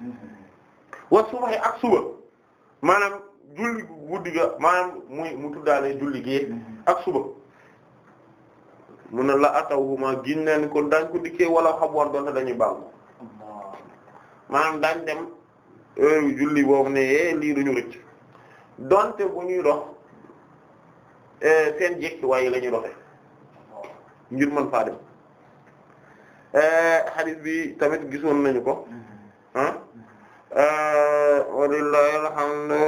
wa ak suba maanaam julli guddi ga maanaam muy mu tuddaale julli gée ak suba mu ne la atawhuma gin naan kon ko dikkee wala xaboon doonte dañuy bàggu dem heure julli boobu ne yee lii duñu rëcc donte bu ñuy dox eh, seen jekk waaye la ñuy doxee faa dem eh, hadith bi tamit gisoon nañu ko ah walillahi alhamdu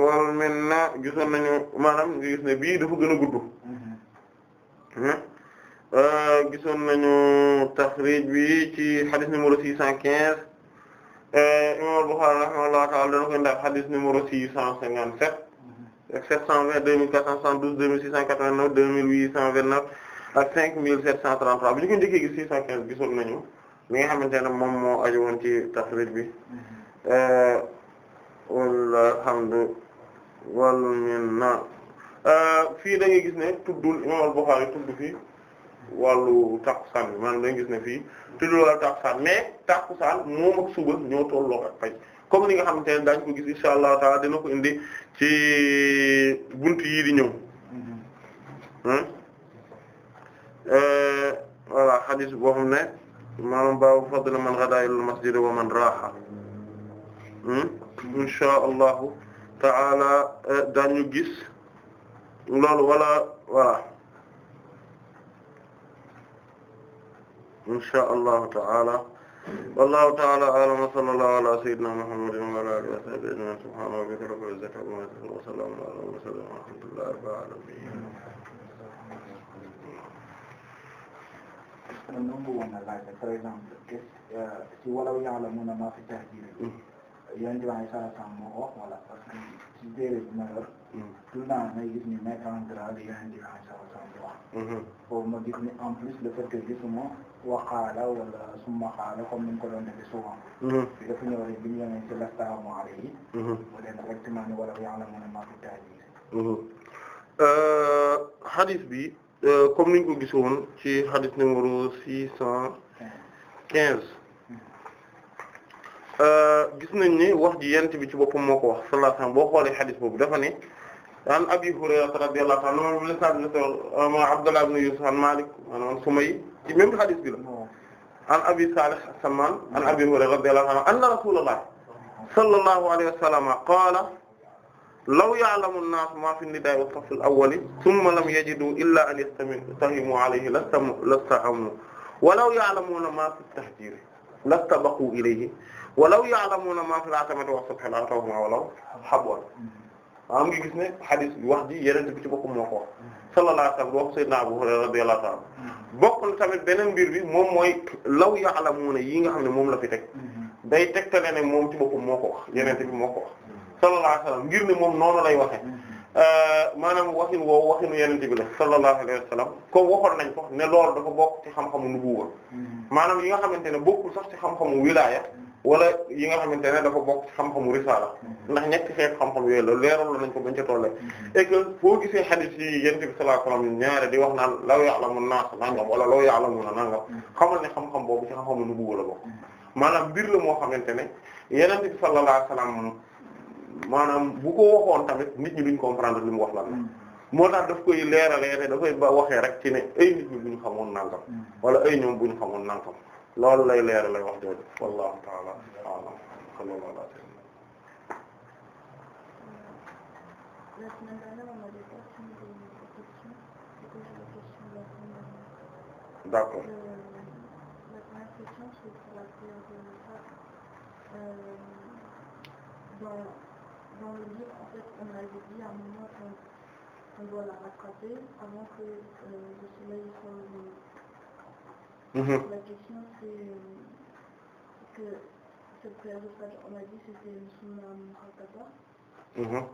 wal minna gisoon nañu maanaam nga gis ne bii dafa gën a gudd gisoon nañu taxrij bi ci hadith numéro six cent quinze Eh, imam Bukhari rahimahullahu ta'ala dana ko ndax hadith numéro 657 ak 720 2472 2689 2829 ak 5733 bu ñu ko njëkkee gis 615 gisoon nañu li nga xamante ne moom moo aju woon ci taxrij bi eh, walhamdu wal minna eh, fii da ngay gis ne tuddul imam Bukhari tudd fii wàllu takkusaan maa maanaam dañu gis ne fii tudd wàllu takkusaan mais takkusaan moom ak ñoo tolloo ak fay comme ni nga xam ne daañu ko gis insha allah taala dina ko indi ci buntu yii di ñëw mm-hmm. euh, voilà hadith boo xam ne maanaam baabu fadl man ghada ila al masjid wa man insha hmm? allahu taala euh, daañu gis loolu wala voilà insha allahu ta'ala wallahu ta'ala a'lam wa sallallahu ala sayyidina muhammadin wa ala alihi wa sahbihi ajma'in subhana rabbika rabbil izzati amma yasifun wa salamun ala al mursalin walhamdulillahi rabbil alamin a nomba woon na laajte par exemple euh, ci walaw ya'lamuna ma fi tahdir hmm. yonent bi sallallahu alayhi wa sallam moo ko wax wala parce que ci téere bi ma yor tout le temps may gis ñu mettre en garde yeneen di wax foofu ma gis ni en plus le fait que gisuma waxaala wala suma xaala comme ni mu ko doon defee souvent dafa ñëw rek bi ñu yemee ci lastaamu ale yi mu leen directement ni wala yàlla mu ne maa fi taaj hadith bi comme niñ ko gisoon ci hadith numéro six cent quinze mm-hmm. uh, gis nañ ni wax ji yent bi ci boppam moo ko wax sallallahu alayhi wasallam boo xoolee hadith boobu dafa ne an Abi Hurayra radiyallahu anhu moom la sax moom Abdullah ibn Yusuf an Malik maanaam Sumay ci même hadith bi la an Abi Salih as-Samman an Abi Hurayra radiyallahu anhu anna Rasulullah sallallahu alayhi wa sallam qaala law ya'lamu an-naasu maa fi an-nidaa'i was-saffi al-awwali thumma lam yajidu illa an yastahimu alayhi lastahamu wa law ya'lamuuna maa fi at-tahjiiri lastabaquu ilayhi wa law ya'lamuuna maa fi al-'atamati was-subhi la-'atawhu walaw habwan am ah ngi gis ne hadith wax ji yeneen bi ci boppam moo ko wax sallallahu alayhi wasallam wax sayyidina Abu Hurayra radiyallahu bokk na tamit beneen mbir bi moom mooy law ya'lamuna yi nga xam ne moom la fi teg day tegtale ne moom ci boppam moo ko wax yeneen bi moo ko wax sallallahu alayhi wasallam ngir ne moom noonu lay waxe euh, maanaam waxin woowu waxinu yenente bi la sallallahu alayhi wa sallam comme nañ ko ne loolu dafa bokk ci xam-xamu nubuwa hmm. maanaam yi nga xamante ne bokkul sax ci xam-xamu wala yi nga xamante ne dafa bokk xam-xamu risaala mm-hmm. ndax ñetti xeet xam-xam yooyu la leeral nañ ko bañ ca tollee mm-hmm. et que foo gisee hadith yi yent bi sallallahu alayhi wasallam ñaare di wax naan law ya'lamu naas nangam wala law ya'lamu na nangam mm-hmm. xamal ne xam-xam boobu ci xam-xamu nubuwwa la bokk maanaam mbir la moo xamante ne yenent bi sallallahu alayhi wasallam maanaam bu ko waxoon tamit nit ñi duñ comprendre li mu wax lan moo tax daf koy leeralee te dafay ba waxee rek ci ne ay nit ñu xamoon nangam wala ay ñoom bu ñu xamoon nangam loolu lay leer lay wax jooju wallahu ta'ala a'lam sallallahu alayhi d'accord euh, euh, dans dans le livre en fait on avait dit à un moment qu'on doit la rattraper avant que euh, le soleil soit La question c'est que cette prière de Fajr, on a dit c'était une sunna muakkada.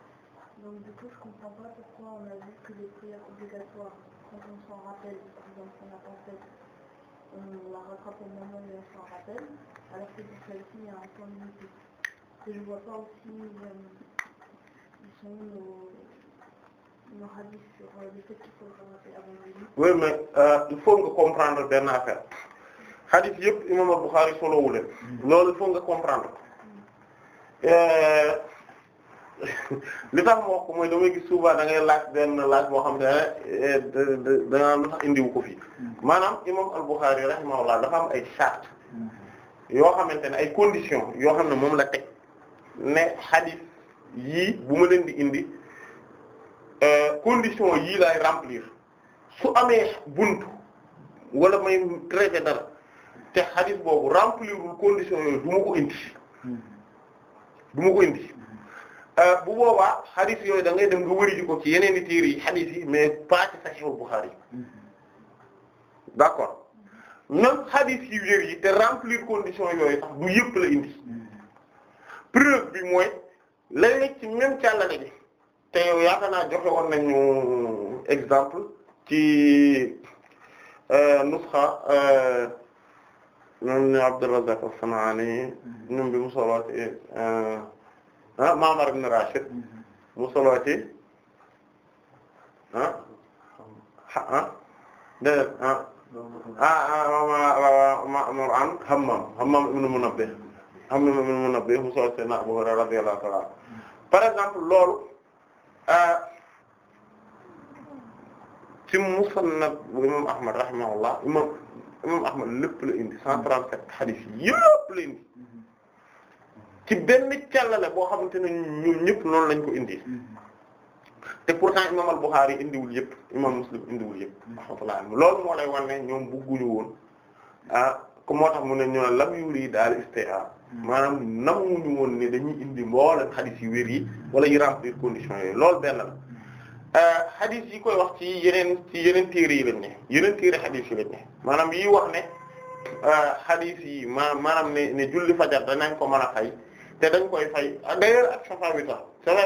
Donc du coup, je comprends pas pourquoi on a vu que les prières obligatoires, quand on s'en rappelle, donc on n'a pas fait, on la rattrape au moment où on s'en rappelle, alors que pour celle-ci, il y a un temps limité. Et je vois pas aussi euh, ils sont nos oui mais euh, il faut nga comprendre benn affaire xadis yëpp imam al-Bukhari solowu loolu foog nga comprendre euh, <laughs> li tax moo ko mooy damay gis souvent da ngay laaj benn laaj boo xam ne eh, danaa lu tax indiwu ko fii maanaam imam al-Bukhari laa dafa am ay charte yoo xamante ne ay conditions yoo xam ne moom la teg ne xadis yii bu ma leen di indi Euh, condition yii laay remplir su amee bunt wala may traité dara te hadith boobu remplirul condition yooyu du ma ko indi hmm. du ma ko indi hmm. euh, bu boobaa hadith yooyu da ngay dem nga wëri ji ko ci yeneen i téere yi hadith yi mais pas ci Sahih Bukhari hmm. d'accord même hadith yi wér yi te remplir condition yooyu du yëpp la indi preuve bi mooy léeg-léeg ci même càngale bi te yow a naa nañu exemple ci euh, nusxa euh, ñoom ñu Abdurrazzaq as-San'ani mm-hmm. ñoom bi mu solo ci euh, ah Ma'mar ibn Rashid mm-hmm. mu solo ci ah ah déedéet ah, ah, ah, an Hammam Hammam ibn Munabbih Hammam ibn Munabbih mu solo ci mm-hmm. par exemple loolu. Ah, ci musannad bu imam ahmad rahimahullah imam imam ahmad lépp la indi cent trente-sept hadith yëpp la indi ci benn boo xamante ne ñoom ñëpp noonu lañ ko indi te pourtant imam al-Bukhari indiwul yëpp imam Muslim indiwul yëpp rahmatullah loolu moo lay wan ne ñoom bëgguñu woon ah moo ne ñu ne lam yuri daal isti'ar maanaam namuñu woon ne dañuy indi mboolem xadis yu wér yi wala yu remplir conditions yooyu loolu benn la euh, xadis yi koy wax ci yeneen ci yeneen téere yi lañ ne yeneen téere xadis yi lañ ne maanaam yi wax ne euh, xadis yi ma maanaam ne ne julli fajar danañ ko man a fay te dañ koy fay d'ailleurs ak safa witar safa a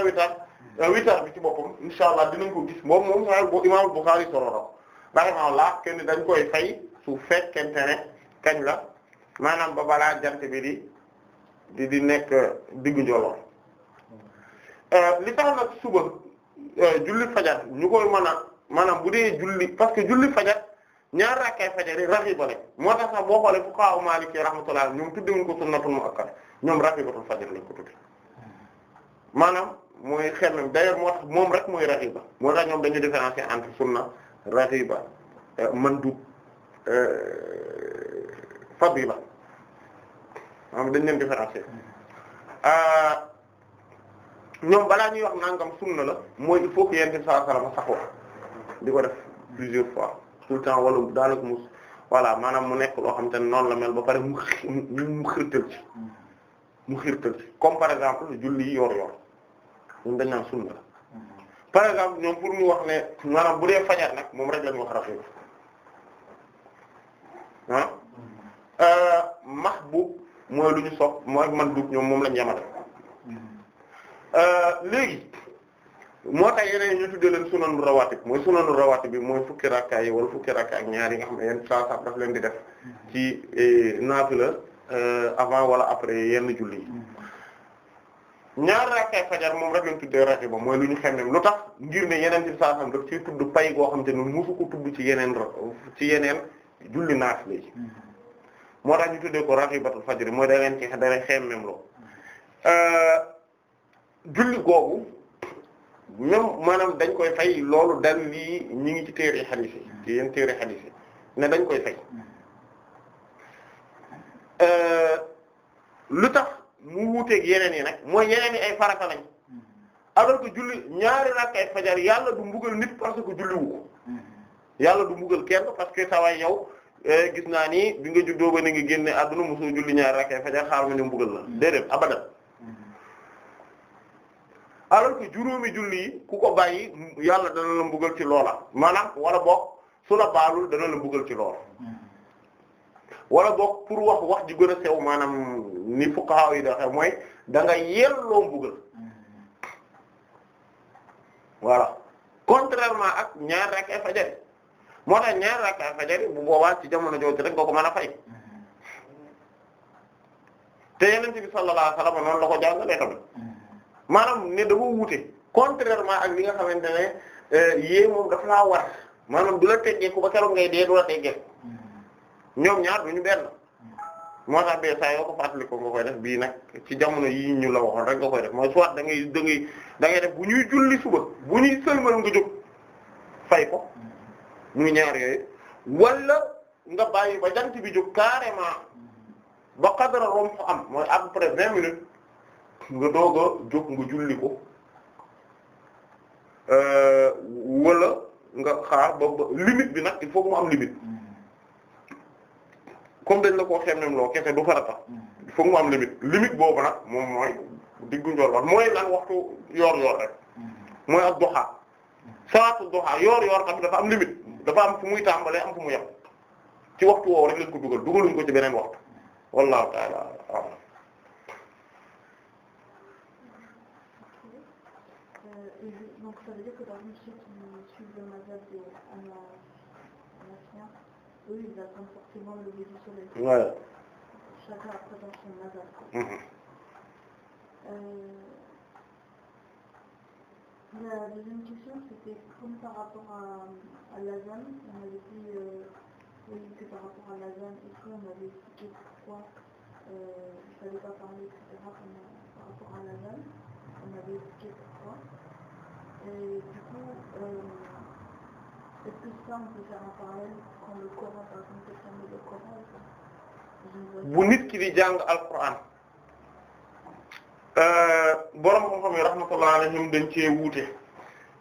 euh, witar bi ci boppam insha allah dinañ ko gis moom moom sa bo imam Bukhari sororo rahimahullah kenn dañ koy fay su fekkente ne kañ la maanaam ba balaa jant bi di di nekk diggu njolloor euh, li tax nag suba euh, julli fajar ñu koy mën a maanaam bu dee julli parce que julli fajar ñaar rakkay fajar yi raxiba moo tax sax boo xoolee fuqaha Maliki rahmatullah ñoom tuddewuñ ko sunnatul muakkad ñoom raxibatul fajar lañ ko tudde maanaam mooy xel na d'ailleurs moo moom rek mooy raxiba moo tax ñoom dañu différencier entre sunna raxiba euh, mandub fadila maanaam dañ leen différencier euh, ñoom balaa ñuy wax nangam sunna la mooy il faut que yonent bi sallallahu alayhi wasallam sax wax di ko def plusieurs fois tout le temps wala daanaka mu voilà maanaam mu nekk loo xam te ne noonu la mel ba pare mu mu xirtal ci mu xirtal ci comme par exemple julli yi yor-yor ñun dañ naan sunna la par exemple ñoom pour ñu wax ne maanaam bu dee fajar nag moom rek la ñu wax rafetlu ah. euh, max bu mooy lu ñu sopp mooy man duub ñoom moom lañ yemale euh, léegi moo tax yeneen ñu tuddee leen sunanu rawaatib mooy sunanu rawaatib bi mooy fukki rakkaay yi fukki rakkaay ak ñaar yi nga xam ne yenn saa saa leen di def ci eh, naafila euh, avant wala après yenn julli yi fajar moom rek lañ tuddee rajo ba mooy lu ñu xemmeem lu tax ngir ne yeneen ci saa xam daf ciy tudd pay goo xam te mu musu ko tudd ci yeneen ci yeneen julli naafila yi moo tax ñu tuddee ko faj fajri mooy da leen ci da leen xemmem loo euh, julli googu même maanaam dañ koy fay loolu dal lii ñu ngi ci téere hadith yi ci yéen yi ne dañ koy fay euh, lu tax mu wuuteeg yeneen yi nag mooy yeneen yi ay farata lañ alors que julli ñaari rakkay fajar yàlla du mbugal nit parce que julli ko mm-hmm. yàlla du mbugal kenn parce que saa waay yow Eh, gis naa ni bi nga juddoo ba ni nga génne àdduna musu julli ñaar rakkee fajar xaar ma ñu mbugal la déedéet abadan mhm. alors que juróomi julli yi ku ko bàyyi yàlla dana la mbugal ci loola maanaam wala bokk su la baalul dana la mbugal ci loola mhm. wala bokk pour wax wax ji gën a sew maanaam ni fuqaha yi doxe mooy da nga yelloo mbugal mhm. voilà contrairement ak ñaar rakkee fajar moo tax ñaar rakka fajar bu boobaa ci jamono jooju rek nga ko man a fay te yeneen bi sallallahu alayhi wasallam noonu la ko jàngalee tamit maanaam ne dafa wuute contrairement ak li nga xamante ne euh, yée moom dafa laa war maanaam du la teggeeku ba keroog ngay dee du la teggeeku ñoom ñaar ñu benn moo tax bee saa yoo ko fàttali ko nga koy def bii nag ci jamono yi ñu la waxoon rek nga koy def mooy soit da ngay da ngay da def bu ñuy julli suba bu ñuy sëlmal nga jóg fay ko muy ñaar yooyu wala nga bàyyi ba jant bi jóg carrément ba qadara rom fu am mooy à peu près nga doog a jóg nga julli ko euh, wala nga xaar ba ba bi nag il faut mu am limite comme dañ la koo xemmem loo kese du farata il faut mu am limite limite boobu nag moom mooy diggu njool wax mooy lan waxtu yoor yoor rek mooy ak doxaa salaatu doxaa yoor yoor xam dafa am limite dafa am fu muy tàmbalee am fu mu yem ci waxtu woowu rek lañ ko dugal dugaluñ ko ci beneen waxtu taala a'lam La deuxième question, c'était comme par rapport à, à la zone, on avait dit euh, oui, que par rapport à la zone et tout, on avait expliqué pourquoi euh, il ne fallait pas parler, etc. par rapport à la zone, on avait expliqué pourquoi. Et du coup, euh, est-ce que ça, on peut faire un parallèle quand le Coran, par exemple, quelqu'un met le Coran ou pas bu nit ki di jàng Alquran Euh, borom xam-xam yi rahmatullahi alayhim dañ cee wuute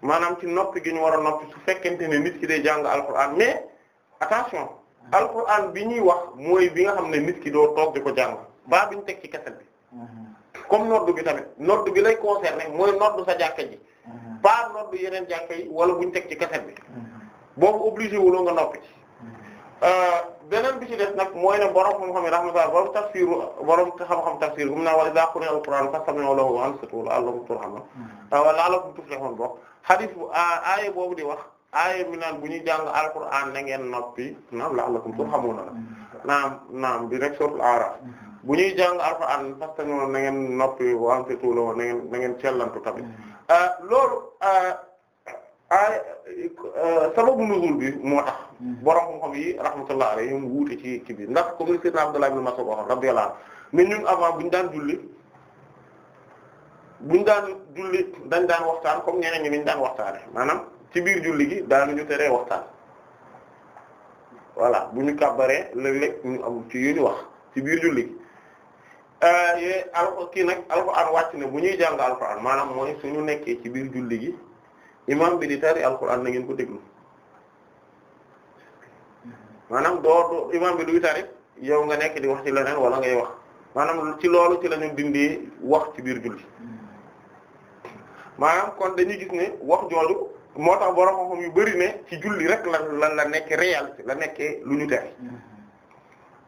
maanaam ci noppi gi ñu war a noppi su fekkente ne nit ki day jàng alquran mais attention alquran bi ñuy wax mooy bi nga xam ne nit ki doo toog di ko jàng baa bi ñu teg ci kaset bi mhm. comme noddu bi tamit noddu bi lay concerné mooy noddu sa jàkka ji baa mhm. noddu yeneen jàkka yi wala bu ñu teg ci kaset bi mhm. boobu ko obligé wuloo nga noppi ci euh, beneen bi ci def nag mooy ne borom xam-xam yi rahmatullah borom tafsir borom xam-xam tafsir bu mu ne wa al-Qur'an fastami'u lahu wa ansitu hmm. di wax aaya mi naan bu ñuy jàng al-Qur'an na ngeen noppi naam la'allakum turhamun hmm. hmm. naam naam bi rek suratul A'raf bu ñuy jàng al-Qur'an fastami'u na ngeen noppi wa ansitu lahu na ngeen na ngeen cellantu tamit euh, loolu. Euh, aaya euh, sababu nuzul bi moo tax borom xam-xam yi rahmatullah alayhim wuute ci ci bi ndax comme sayyidna Abdullah ibn Mas'ud waxoon radiyallahu anhu mais ñun avant buñu daan julli buñ daan julli dañ daan waxtaan comme ñeneen ñi niñ daan waxtaane maanaam ci biir julli gi daanuñu teree waxtaan voilà bu ñu kàbbaree léeg-léeg ñu am ci yu ñu wax ci biir julli gi euh, yé al kii nag alxuraan wàcc na bu ñuy jàng alxuraan maanaam mooy suñu nekkee ci biir julli gi imam bi di tari alquran na ngeen ko déglu maanaam doo imam bi duy tari yow nga nekk di wax ci leneen wala ngay wax maanaam ci loolu ci la ñu dindi wax ci biir julli maanaam kon dañuy gis ne wax jooju moo tax borom xam-xam yu bari ne ci julli rek la la la nekk réalité la nekkee lu ñu tere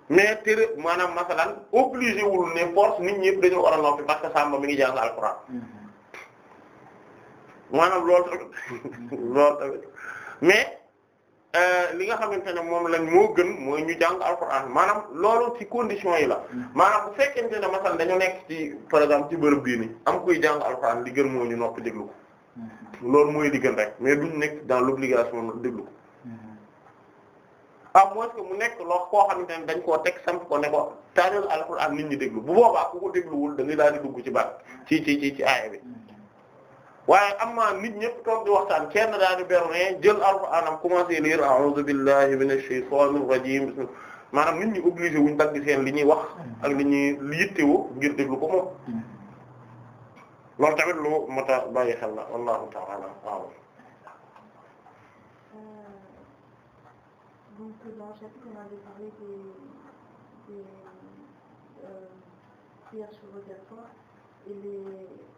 mais tere maanaam masalan obligé wul ne force nit ñëpp dañoo war a noppi parce que sàmba mi ngi jàng alquran maanaam lool tamit loolu tamit mais euh, li nga xamante ne moom lañ moo gën mooy ñu jàng alxuraan maanaam loolu ci condition yi la maanaam bu fekkente ne masal dañu nekk ci par exemple ci bërëb bii ni am kuy jàng alxuraan li gën moo ñu nopp déglu ko loolu mooy li gën rek mais duñ nekk dans l'obligation déglu ko à moins que mu nekk lool ko xamante ne dañ koo teg samp ko ne ko taaral alxuraan nit ñi déglu bu boobaa ku ko dégluwul da ngay daal di dugg ci baat ci ci ci bi waaye amma nit ñëpp toog di waxtaan kenn daal di berné jël alxuraanam commencé lire a'uuzu billahi minash shaytaanir rajiim maanaam nit ñi obligé wuñ dagg seen li ñuy wax ak li ñuy yittewoo ngir déglu ko moom loolu tamit lu mot a bàyyi xel la wallahu ta'ala waaw. Euh, donc dans le chapitre on avait parlé des des euh, prières surrogatoires et les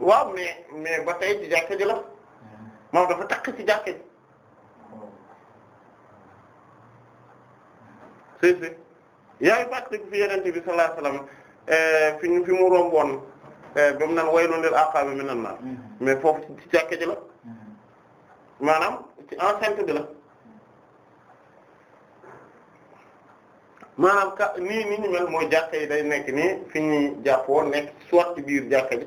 waaw mais mais ba tey ci jàkka ji la moom dafa takk ci jàkka ji si si yaa ngi fàttali fi yenente bi sallallahu alayhi eh, fi ñu fi mu romboon eh, ba mu naan waylun lil aqabi minan nar mm-hmm. mais foofu ci jàkka ji la mm-hmm. maanaam ci enceinte bi la maanaam ka ni ni ñu mel mooy jàkka yi day nekk nii fi ñuy jàppoo nekk soit ci biir jàkka ji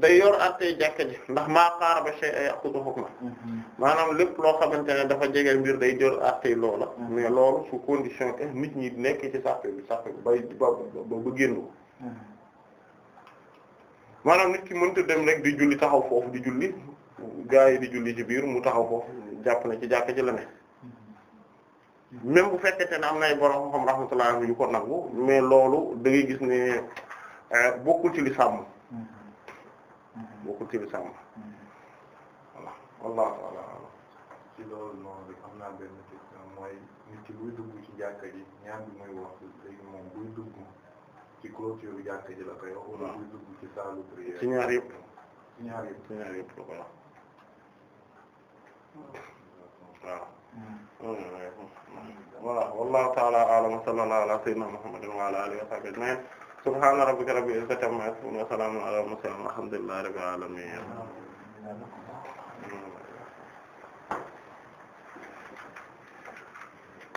day yor attey jàkka ji ndax maa qaaraba shay'a ya'khudhu hukma mhm. maanaam lépp loo xamante ne dafa jege mbir day jor attey loola mhm. mais loolu su condition que nit ñi nekk ci sàppe bi sàppe bi bay ba ba génn ko mhm. maanaam nit ki mënta dem rek di julli taxaw foofu di julli gaa yi di julli ci biir mu taxaw foofu jàpp na ci jàkka ji la ne même bu fekkente ne am nay borom xam rahmatullah yu ko nangu mais loolu da gis ne euh, bokkul ci li sàmm bokkul ci lislaam voilà wallaahu taala ci loolu noonu bi am naa benn question mooy nit ki buy dugg ci jàkka ji ñaan bi muy wax léegi moom buy dugg ci clôture jàkka ji la koy wax wala buy dugg ci salle de prière ci ñaar yëpp ci ñaar yëpp ci ñaar yëpp la koy wax waaw voilà wallaahu taala a'lam wa sallallaahu ala sayyidina muhammadin wa ala alihi wa sahbihi ajma'in subhaana rabbika rabbil izzati amma yasifun wa salaamun alal mursalin walhamdulillahi rabbil alamin